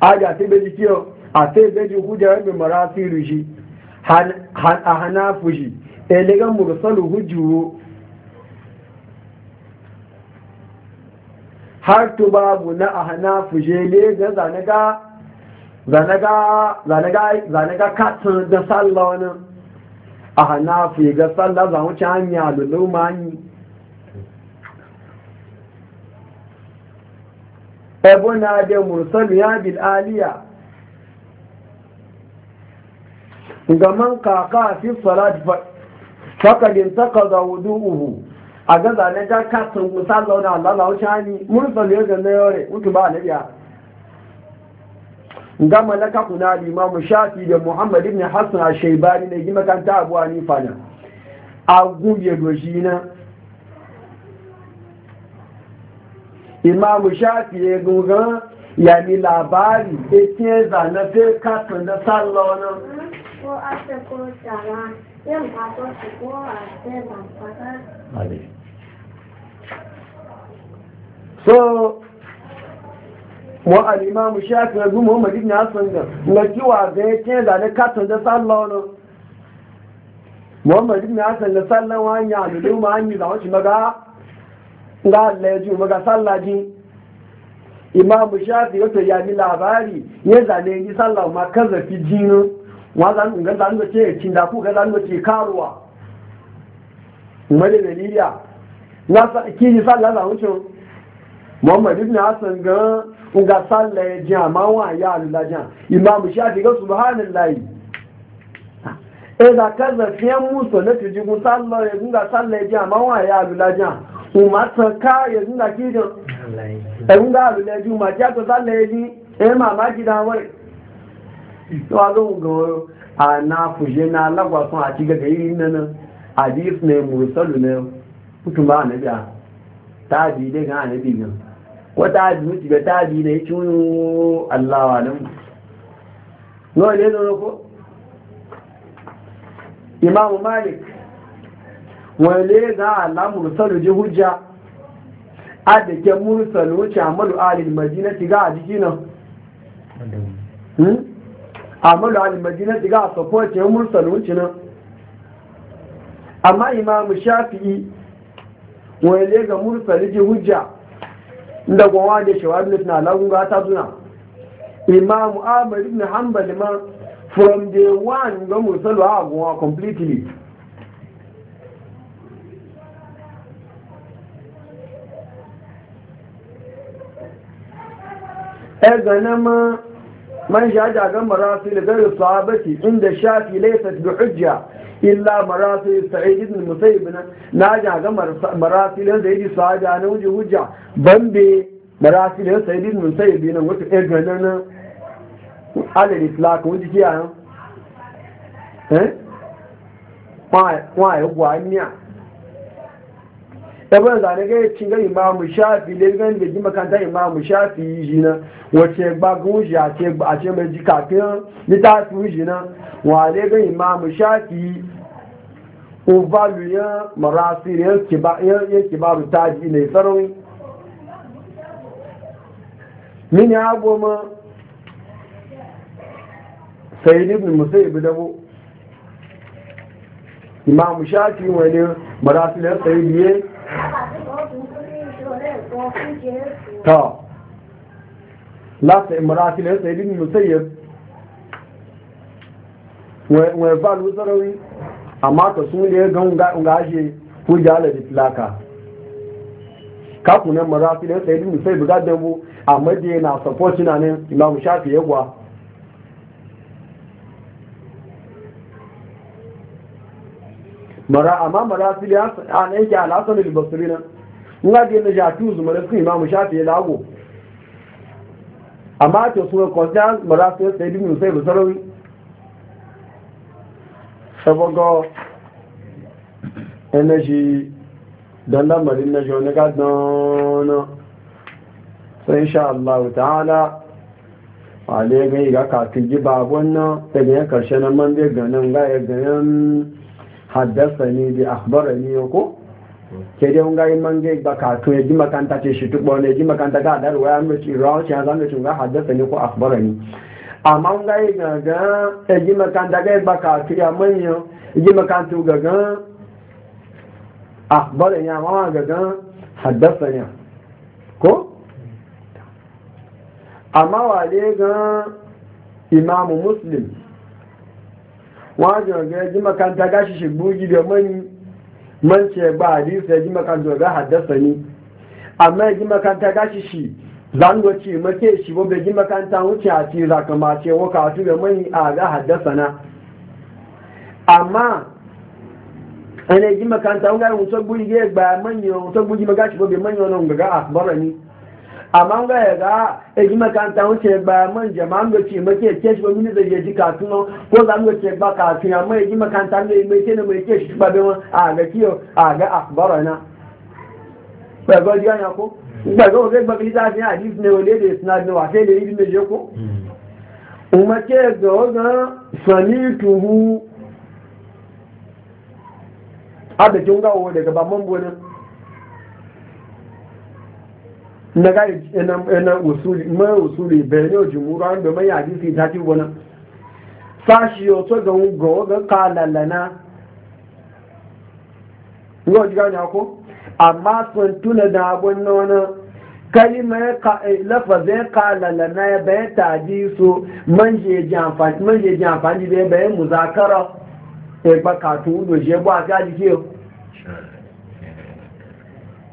Speaker 1: aja sai bai kiyo a sai bai e ji hujjar mai marasiru shi a hanafu shi elegan mursalu hujjuru har tu babu na a hanafu shi ne ga zanaga zanaga zanaga zanaga katin da sallah wani a hanafu ga sallah zan zamuci hanya lullu mani ebuna da Mursalu ya bil aliya ga man kaka fi salat faqad intaqada wudu'uhu a ga zane ga kasan musa zauna Allah lawo shani mursal ya ga na yore mutu ba nabiya ga malaka kuna limamu shafi da muhammad ibn hasan a shaibani ne kan ta abu hanifa na a gumbe dojina imamu shafi ya gungan ya ni labari eti ya zane fe katon da sallah wani so wa al-imam shafi ya gungan muhammad ibn hassan ga na kiwa ga eti da zane katon da sallah wani muhammad ibn hassan da sallah wani ya lulu ma hanyi za wacce maga nga leju maga sallaji imamu shafi wato ya bi labari ya zane yi sallah ma kan zafi jini wa zan ga zan ga ce cin da ku ga zan ga ce karuwa mai da liya na sa ki yi sallah da wucin muhammad ga nga sallah ya e ji amma wa ya imamu shafi ga subhanallahi e da zafi musu na sallah ya e, ga sallah ya e ji amma wa ya ji? umata kaya suna kijin ɗan ga abu na ju mace aka tsalla ya ji ɗaya e mamaki da wai yawa zan ga a na fushe na lagwason a ci gaga iri nan hadis ne mursalu ne mutum ba na biya ta bi dai ga anabi nan wata bi mutu ga ta bi ne ci wani allawa nan nawa ne zo ko imamu malik wale za a la mursalu ji hujja a da ke mursalu wuce amalu alil madinati ga a jiki nan hmm? amalu alil madinati ga a sakwacin mursalu wuce nan amma imamu shafi'i wale ga mursalu ji hujja da gwawa da shawar na ga ta zuna imamu ahmad ibn hanbal ma from day one ga mursalu a gwawa completely ai ganama man shaja ga marasil gari sahabati inda shafi laysat da hujja illa marasil sa'id ibn musayyib na ja ga marasil da yaji sahaja na wuji hujja bambe marasil sa'id ibn musayyib nan wato ai ganana alal islaq wuji kiyan eh why why why ɗabar zane ga yakin ga imamu shafi da da ji makanta imamu shafi yi na wace gbagun wuce a ce mai ji kafin littafi wuce na wale ga imamu shafi ubalu ya marasir ya kibaru taji ne tsaron min ya goma ibn dabo imamu shafi wani marasir ya ta lati imrati le sai bin musayyib wa valu sarawi amma ka sun ne ga ngaje ko jala da tilaka ka kunan marati le sai bin musayyib ga dambu amma dai na support na ne imam shafi yagwa mara amma mara fili a na yake alasan da libasiri nan nga biyan da shafi zuma da suka imamu shafi ya lago amma ta suna kwanciya mara fili sai bin musai da sarari sabogo energy don lamarin na joni ga dana sai insha Allah ta'ala wale ga yi ga kafin ji babon nan daga yan karshe na man zai ganin ga ya ganin haddasani bi akhbarani ko ke dai mun ga man ga ba ka to yaji makanta ce shi tubo ne yaji makanta ga da ruwa mun ci rawo shi zan ci ga haddasani ko akhbarani amma mun ga ga yaji makanta ga ba ka to ya mun yo yaji makanta ga ga akhbarani amma ga ga haddasani ko amma wale ga imamu muslim wajen ga ji makanta gashi shigbugi da mani mance ba ba hadisi ya ji makanta ga haddasa ni amma ya ji makanta gashi shi zango ce mace shi ba ji makanta wuce a ce za ka mace wa katu da mani a ga haddasa na amma ana ji makanta wuce bugi ga ba manyan wuce gbugi ma gashi ba bai manyan wani ga asbara ni amma ga ya ga e ji makanta wuce ba man jama'an da ce make ke shi ba mini zai ji ko za mu ce ba kafin amma e makanta ne mai ce ne mai ke shi ba bai a ga kiyo a ga akbara na ba ga ji ya ko ba ga ga ba kilita ne a jis ne wale da suna da wa sai da yi ne je ko hmm. umma ce ga ga a abin kin ga daga ba man bonin na gari na na usuli ma usuli be ne o jumuru an be maya di ta ti wona fa shi o to ga ngo ga kala lana ngo ji ga ni ako amma so tun da abun nona kalima ya ka eh, lafaze kala lana ya be ta di so man je jamfa man je jamfa di be be muzakara e ba ka tu do je ba ga di ke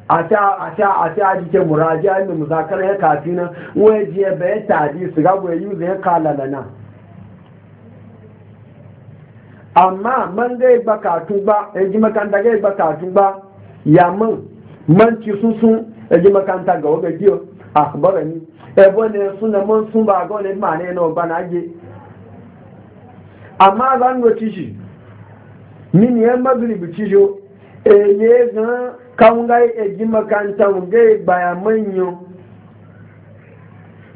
Speaker 1: a ta ajike murajiya inda muzakar ya kafi nan waje ya bayan tadi su gabo ya yi zai kalala nan amma man zai ba katun ba ya ji makanta zai ba katun ba ya man man ci sun sun ya ji makanta ga a kabara ni ebo ne man sun ba ga wani ma ne na ba na amma zan ci shi min ya magribi ci e gan kan gai eji makanta gai baya manyo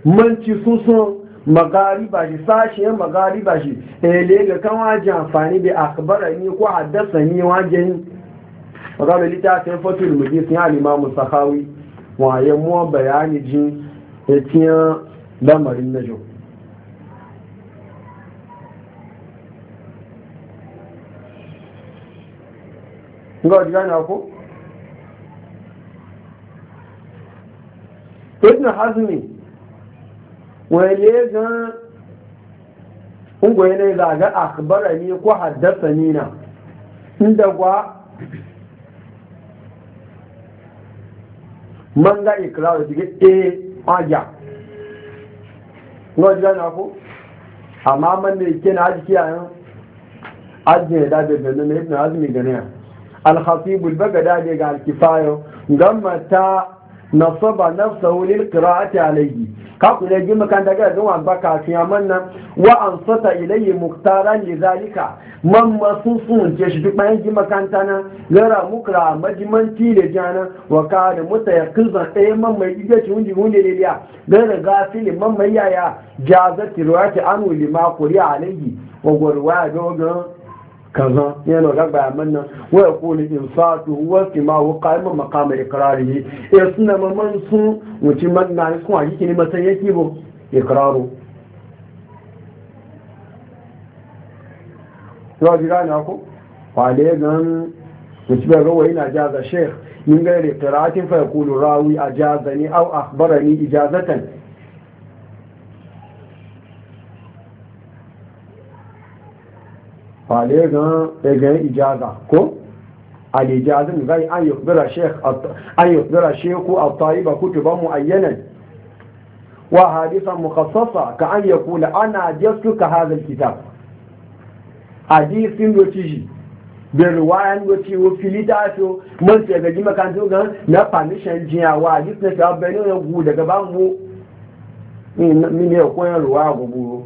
Speaker 1: manci susun magariba shi sashen magariba shi ele ga kan waje amfani da akbara ni ko haddasa ni waje ni magana littafin mu mujis ya limamu sahawi waye mu bayani jin etiyan lamarin najo Ngo jigana ko? ibn hazmi wale gan ungwaye ne zaga akbara ne ko haddasa nina inda kwa man ga ikirarar cikin eh aja ngọ́ jira na ku amma man da ke na aji kiyayen aji da da ganin na ibn hazmi ganiya al-khatib al bagdadi ga al-kifayo gamma ta nasaba nafsahu lil qira'ati alayhi ka ku ne gima kan daga ga wan baka fi amanna wa ansata ilayhi muqtaran lidhalika man masusun ce shi duk bayan gima kan tana gara mukra majimanti da jana wa ka da mutayaqqiza ay eh, man mai iga ci wundi wundi ne ya gara gafili man mai yaya jazati ruwati anu lima quri alayhi wa gwarwa dogo كذا يعني رب عمنا ويقول إنصاته وكما هو قائم مقام إقراره يصنع منصو وكي مدنع نسكو عجي كني مثلا يكيبو إقراره راجي راني أكو فعليه أن وكما هو إن أجاز الشيخ من غير إقراره فيقول راوي أجازني أو أخبرني إجازة fale gan egan ijaza ko alijazin gai an yukbira sheikh an yukbira sheku at-taiba kutuban muayyanan wa hadisan mukhassasa ka an yakula ana jastuka hadha al-kitab hadisin wotiji da ruwayan wacce wo filita so mun ce ga ji makan gan na permission jiya wa hadis na ta bayanin gudu daga ban mu min ne ko ruwa gugu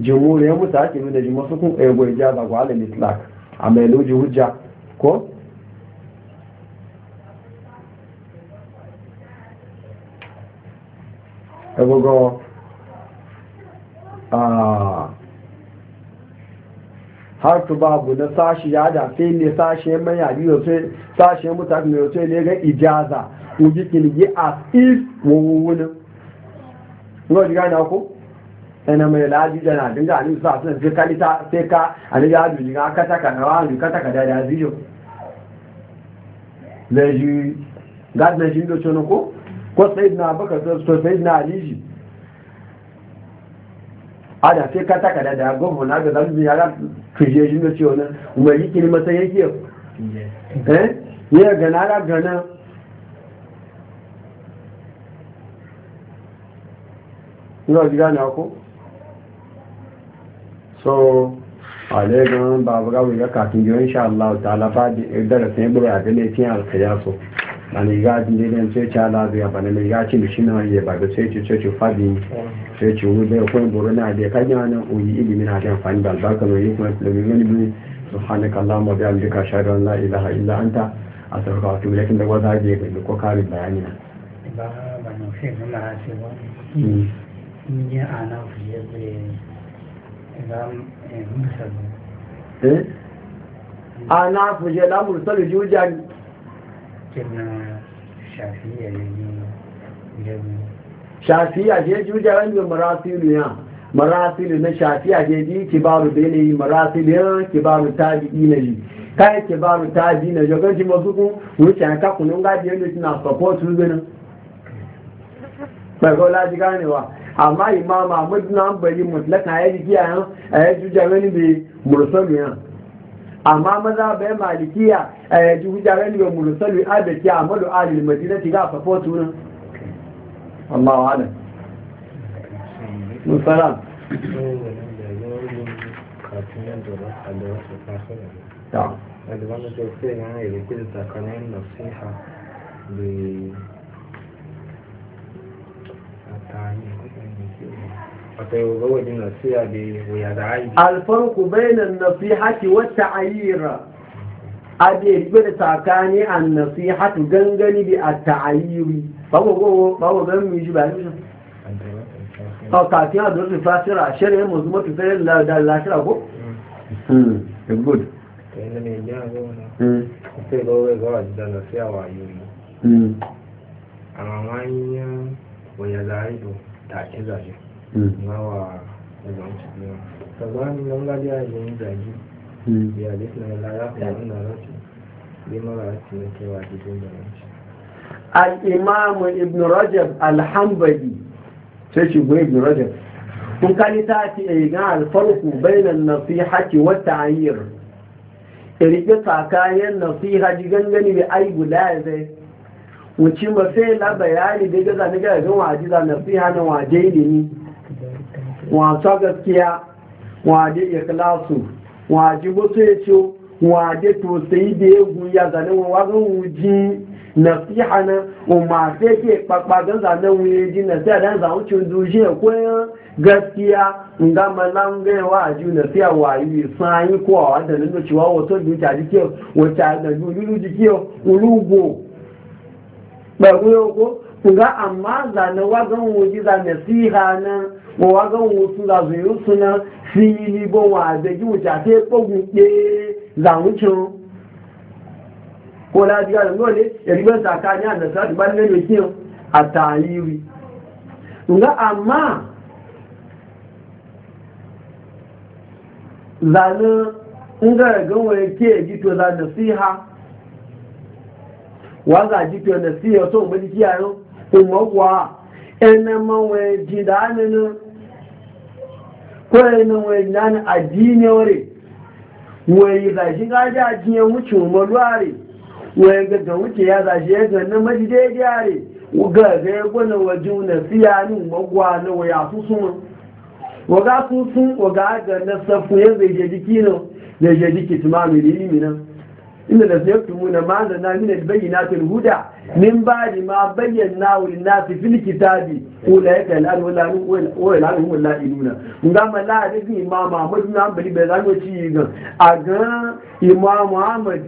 Speaker 1: jimuru mutu ake nuna jimuru su kun ɗaya gwai jaza ga halin itlak a mai loji hujja ko ɗagogo har tu babu na sashi ya da sai ne sashe mai yari yau sashe mutane yau sai ne ga ijaza ubi yi as if wawunin. Ngo ẹna mai laji da na dinga a nisa suna fi sai ka a nija ajuji ga kata ka na wani ka da da leji na shi ko ko sai na baka to sai na aliji ada sai kata ka da da gomu na ga zalbi ya ga tuje shi ndoce wani mai yi kini masa yake eh ya ga na ga gana Nga na ko? so ale gan babu gawo ga kafin yau insha Allah ta'ala da dara sai buru a gane tin alqiyaso dan ga din dai dan sai cha la ya bana ne ya ci mishi na ya ba sai ci sai ci fadi sai ci wuri da kun buru na da kan yana uyi ilimi na da amfani da albarka ne yi kuma da ne ne subhanaka allahumma bi amdika shahadu an la ilaha illa anta astaghfiruka wa atubu ilaik da wata je ko kare bayani na
Speaker 2: ba ba ne sai mun na sai ba ni ya ana fiye da
Speaker 1: Eh, eh? a na fuje lamur tsari juja ne shafiya je juja rangin marasilu ya marasilu na shafiya je ji kibaru bene yi marasilu ya kibaru tabi'i na yi kai kibaru tabi'i na jogon ji mazuku wuce ya kakunan gajiyar da suna support rubenin ɓargo laji ganewa amma imam ahmad na bari mutlaka ya jiki a yan a ya juja wani bai mursalu yan amma maza bai malikiya a ya ji wani bai mursalu a da ke amadu alil madina ti ga fafo tunan amma wa da ke fiye الفرق بين النصيحة والتعيير أدي إجبر ساكاني النصيحة جنجني بالتعيير فهو هو فهو غير يجب عليه أو كاتيا دور الفاسرة شرع مزمة تسير لا دا لا شرع هو good àwọn àwọn ayé wọ̀nyẹ̀ láàrín tó tààkí zàjẹ́ Mm. nawa daga mm. cikin sabani nan la ya yi zagi ya da ya mara da ibn rajab al-hanbali sai shi go ibn rajab kun kani ta eh, ce a alfarku bainan nasihati wa ta'yir irike tsakayen nasiha ji gangani da ai guda zai wuce ba sai na bayani da gaza zani ga ga wajiza nasiha na waje ni wasa gaskiya waje ikhlasu waje mutu ya ce waje to sai da ya guya zanen wajen wuji nasiha na umma sai ke kpakpa don zanen wuji nasiha don zanen cin dushe koyan gaskiya nga malan gaiwa a ji nasiha wayi sanyi ko a wadda nuna cewa wato dukiya jikiyar wacce a da yulu jikiyar ulugo ɓarɓuyo ko nga amma zanen wajen wuji zanen siha na wọ́n wá gán wo tún làzùn yóò tún náà sí ilé bó wọn àgbẹ̀jú ìjà tí pọ́gùn pé làwọn tún kó láti gbà lọ́wọ́ lé ẹ̀rígbẹ́ sàkà ní àdàsá àti bá nílẹ̀ lókè hàn àtàlí rí àmà zànà ǹgá ẹ̀gán wọ̀nyẹ kí ẹ̀jí tó lànà sí ha wàá gà jí tó lànà sí ọ̀tọ̀ òmìnir ena manwe jidani na ko ena we nan adini ore we za shi ga ja jiyan wuce mo luare we ga ga wuce ya za shi ga na majide diare ga ga ya gona wajin na siya ni magwa na waya susun waga susun waga ga na safu ya zai je jiki no da je jiki tumami da ilimi nan inda da sai tumuna ma da na min huda min ba ni ma bayyana wa linnasi fil kitabi ulaika al'an wala wala wala inuna ngama la ni imam Ahmad bin Hanbali bai zango ci ga aga imam Ahmad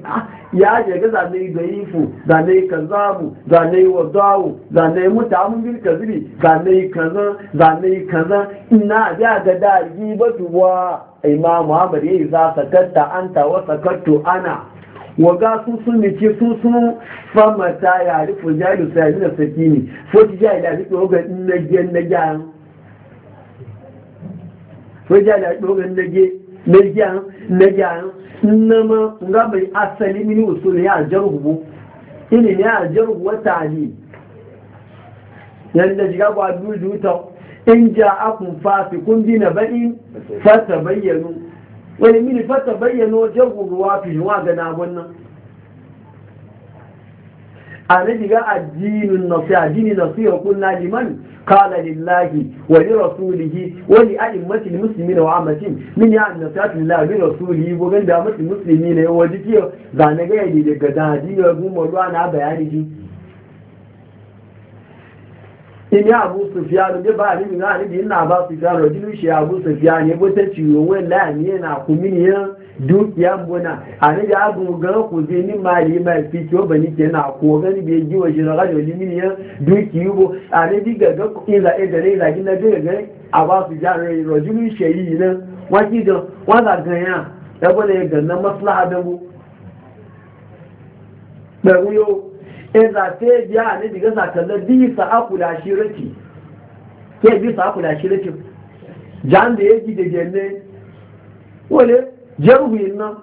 Speaker 1: ya je ga zane daifu zane kazabu zane wadawu zane mutamun bil kaziri zane kaza zane kaza ina ga ga da gibatu wa imam Ahmad yayi za sakatta anta wa sakattu ana waga su sun nice su sun fama ta ya rufe jahilu sai yana saki ne ko ti jahilu a rufe ogan nage nage an ko jahilu a rufe ogan nage nage an nage an nama nga mai asali mini ya ne a jarhu wa tali yanda jiga ba duju ta in wani mini fata bayyano jagun ruwa fi wa ga namun nan a na diga addinin nasu addinin nasu ya kunna liman kala lillahi wa li rasulihi wa li a'immati muslimin wa amatin min ya annasatu lillahi wa rasulihi go ganda muslimi ne wa dike ga na ga daga dadi ya gumo ruwa na bayani ìní àbú sùfíàlù bí ndị àríwì náà na ìnà àbá sùfíàlù ojú ìṣe àbú sùfíàlù yẹn bó tẹ́ ti òwe láàrin yẹn náà kú mí nìyẹn dúkìá ń bọ́nà àníjà àgùn gan kò sí ní máa yìí máa fi tí ó bẹ̀ ní tiẹ̀ náà kú ọ̀gẹ́ níbi èjì òṣèlú ọ̀gájọ́ ní mí nìyẹn dúkìá bó àníbi gẹ̀gẹ́ in za ta yi biya ne diga sakalla bisa akula shi rake ke bisa akula shi rake jan da ya ji da gelle wale jarhu yin nan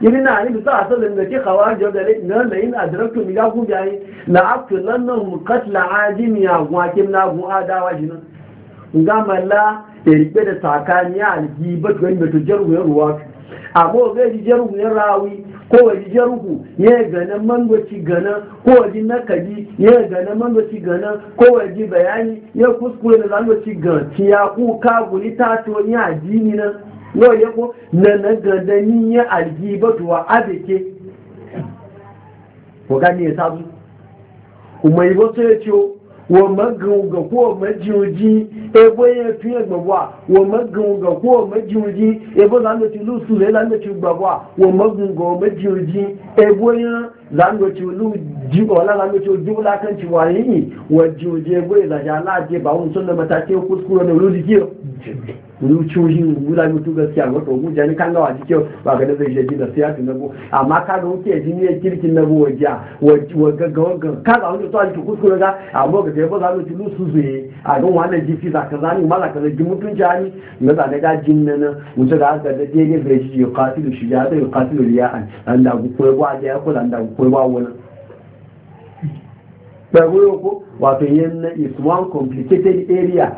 Speaker 1: yiri na ni bisa asalin da ke kawo jo da ne nan da na adraktu mi ga ku biyayi na aktulan nan qatla ajim ya gwakin na gu adawa jinan gamala da rike da sakaniya algibatu wanda to jarhu ya ruwa ago ga jijiyar ku rawi ko wa jijiyar ku ya gana mangoci gana ko wa nakadi ya gana mangoci gana ko wa bayani ya kuskure da mangoci gana ya ku ka guri ta to ni addini nan yau ya ko na na gada ni ya aljibatu wa abeke ko gani ya sabu kuma yi wasu ya ciwo wọ́n mẹ́gàn ògàn kó o mẹ́jì ojí ebó yẹn fi ẹ̀gbọ̀n wà wọ́n mẹ́gàn ògàn kó o mẹ́jì ojí ebó lánàá ti lù sùn lánàá ti gbà wà wọ́n mẹ́gàn ògàn o mẹ́jì ojí ebó yẹn lánàá ti lù jí ọ̀la lánàá ti ojú lákàn ti wà yìí wọ́n jí ojí ebó ìlàjà aláàjẹ bàwọn sọ́nà mẹ́ta tí ó kó sukúrọ̀ ní olódìjì ọ̀. rucoji gula mutu gaskiya ga to guja ni kan gawa jike ba ga zai je da siyasa na go amma ka wuce ji ne kirkin na go wajiya waga ga waga ka ga wuce to a cikin kuskure ga amma ga dai ba za mu tulu su zuye a don wannan jifi za ka zani mala ka zai mutun jani na za ga jin nan wuce ga ga da dai ne zai ji yuqatilu shijata yuqatilu riya'an an da ku koyi ba ya ko da ku koyi ba wannan ba ko wato yin is one complicated area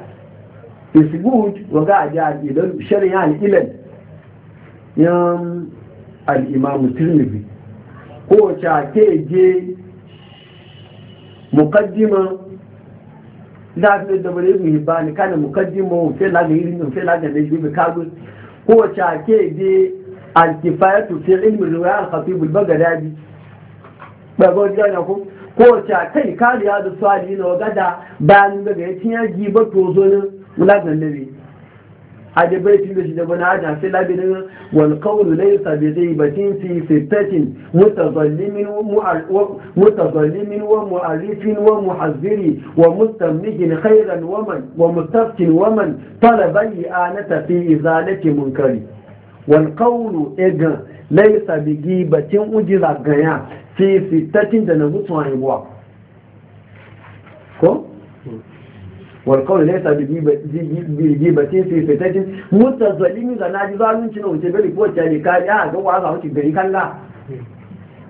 Speaker 1: يسجود وقاعد يعني إذن بشري يعني إلن يام الإمام الترمذي هو شاكي جي مقدمة لا في الدبر يبني هباني كان مقدمة وفي لاغة يرمي وفي لاغة نجمي بكابل هو شاكي جي الكفاية في علم الرواية الخطيب البغدادي بقول جانا هم هو شاكي كان هذا السؤال وقدا بان بغيتين يجيبا توزنا mulagan nabi adibaitin da shi da bana hajji sai labirin walƙaunu na yusa bai zai batin fi fitatin wa waman wa waman a na tafi izalake munkari walƙaunu fi fitatin da na mutuwa yiwuwa ko والقول ليس بجيبة في فتاة متظلم زناج ظالم شنو وتبري فوق تاني يا جو عايز اقول تبري لا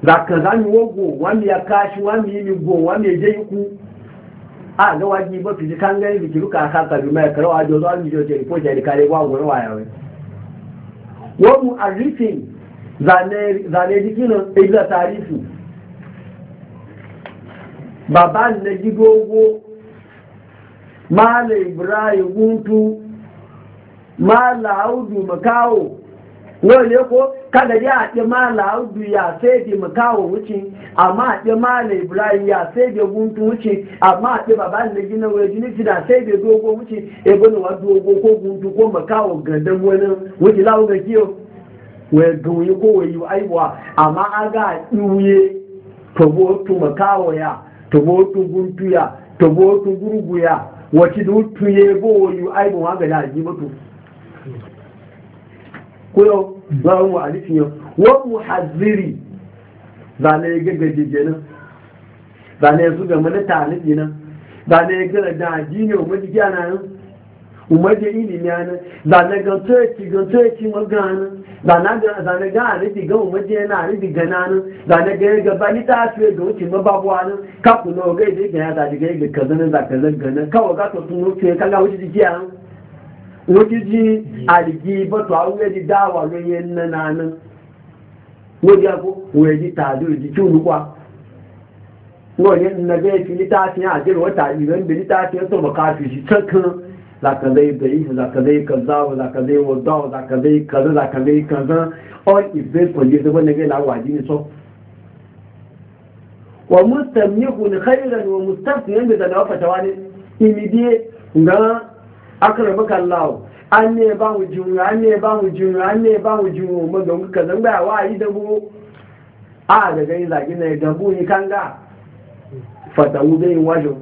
Speaker 1: ذاك زان وغو وان يا وان يلغو وان يجيكو a ga waji ba fi kan gani biki ruka ka ka bi mai karawa jo zo ni jo je ko je ka wa go waya wai. wa mu arifin zane zane dikino ila tarifu baba mala ibrahim guntu mala audu makawo wale ko kada ya ɗi mala audu ya sai di makawo wuce amma ɗi mala ibrahim ya sai di guntu wuce amma ɗi baba da gina wani jini su da sai di dogo wuce ebe wa dogo ko guntu ko makawo gadan wani wuce lawo ga kiyo wai gauye ko wai yi aibuwa amma aga ɗuye tobotu makawo ya tobotu tu guntu ya tobotu gurgu ya wacce da hutu ya yi gowa yi aibin waga da ajiye mutu kuyo za zawon wa alifin yau wa muhazziri zane ya gaggaje jenan zane ya su gama na nan za na yi gara da ajiye wani gyanayin nan umarje ilimi yana zane ga turki ga turki magana zane ga arifi ga umarje yana ganana gananin zane ga ya gaba ta fiye ga wuce mababuwa nan kaku na ogai da ga ya zaɗi ga ya kaza gana kawai ka tattun wuce ka ga wuce jiki a wuce ji ba to na ko za ka zai daif za ka kaza za ka zai wadda za ka zai kaza za kaza all is based on wannan gai lawa jini so wa mustamihun khairan wa mustafiyan bi zanawa fatawa ne imidiye ga akramaka Allah an ne ba mu jinu an ne ba mu jinu an ne ba mu jinu mun ga muka wa yi dabo a da yin na ni kanga fatawu zai wajo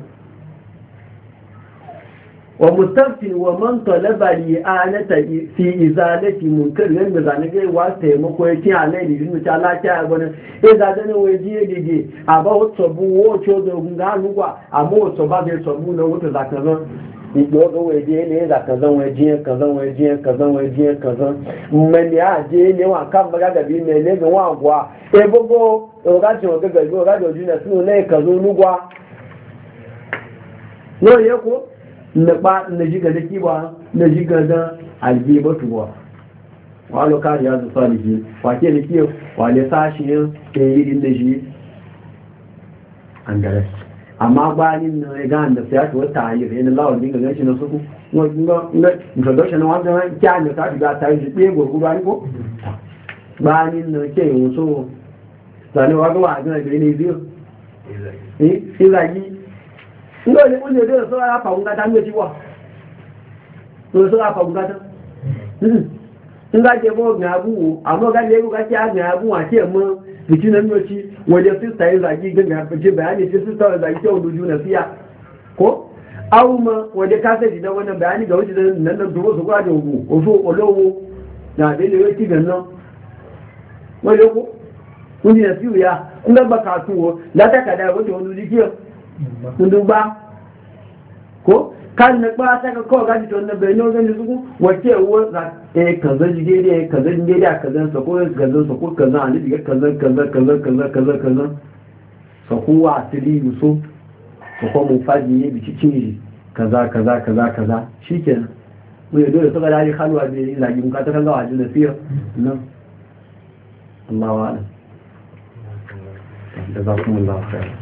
Speaker 1: wa mustaftin wa man talaba li anata fi izalati munkar yan da zane gai wa taimako yake alai da jinnu ta lafiya a gwanin e za ta ne waje a ba wato bu wato da gunga lugwa amma wato ba zai tabu na wato za ka zan ga waje ne da ka zan waje ka zan waje ka zan waje ka zan mani a je ne wa kan ba ga bi me ne ga wa gwa e bogo o ga ti o ga ga o ga do jina sunu ne ka zo lugwa no na ba na jiga da kiwa na jiga da aljibatu wa walo kari ya zuwa ne ji ke ne kiyo wale sashi ne ke yi din da ji? an gare amma bayanin na ya gane da siyasa wata yi yana lawan dinga ga shi na suku introduction na wanda kya ne ta shiga ta yi shi ɗaya gurgu ba ni ko bayanin na ke yi wasu zanewa ga wa a gina da yanayi zai eh sai zagi ndo ni kunje dole so ya faunga ta wa ya faunga ta hmm. nga je bo a ti e mo bici yin bayani bayani nan oso na ne nan kun nasiya kun ga baka ba ko kan na ba ta ga ko gaji to na bai no gaji su wace wo za eh kaza jige ne kaza jige da kaza sa ko kaza sa ko kaza ani diga kaza kaza kaza kaza kaza kaza sa ko wa tili musu ko ko mun faji ne biki cinji kaza kaza kaza kaza shikenan mu yado da saka da halwa da ne zagi mun ka ta kan ga wajin da fiye nan Allah
Speaker 2: wa'ala da zakumullahu khairan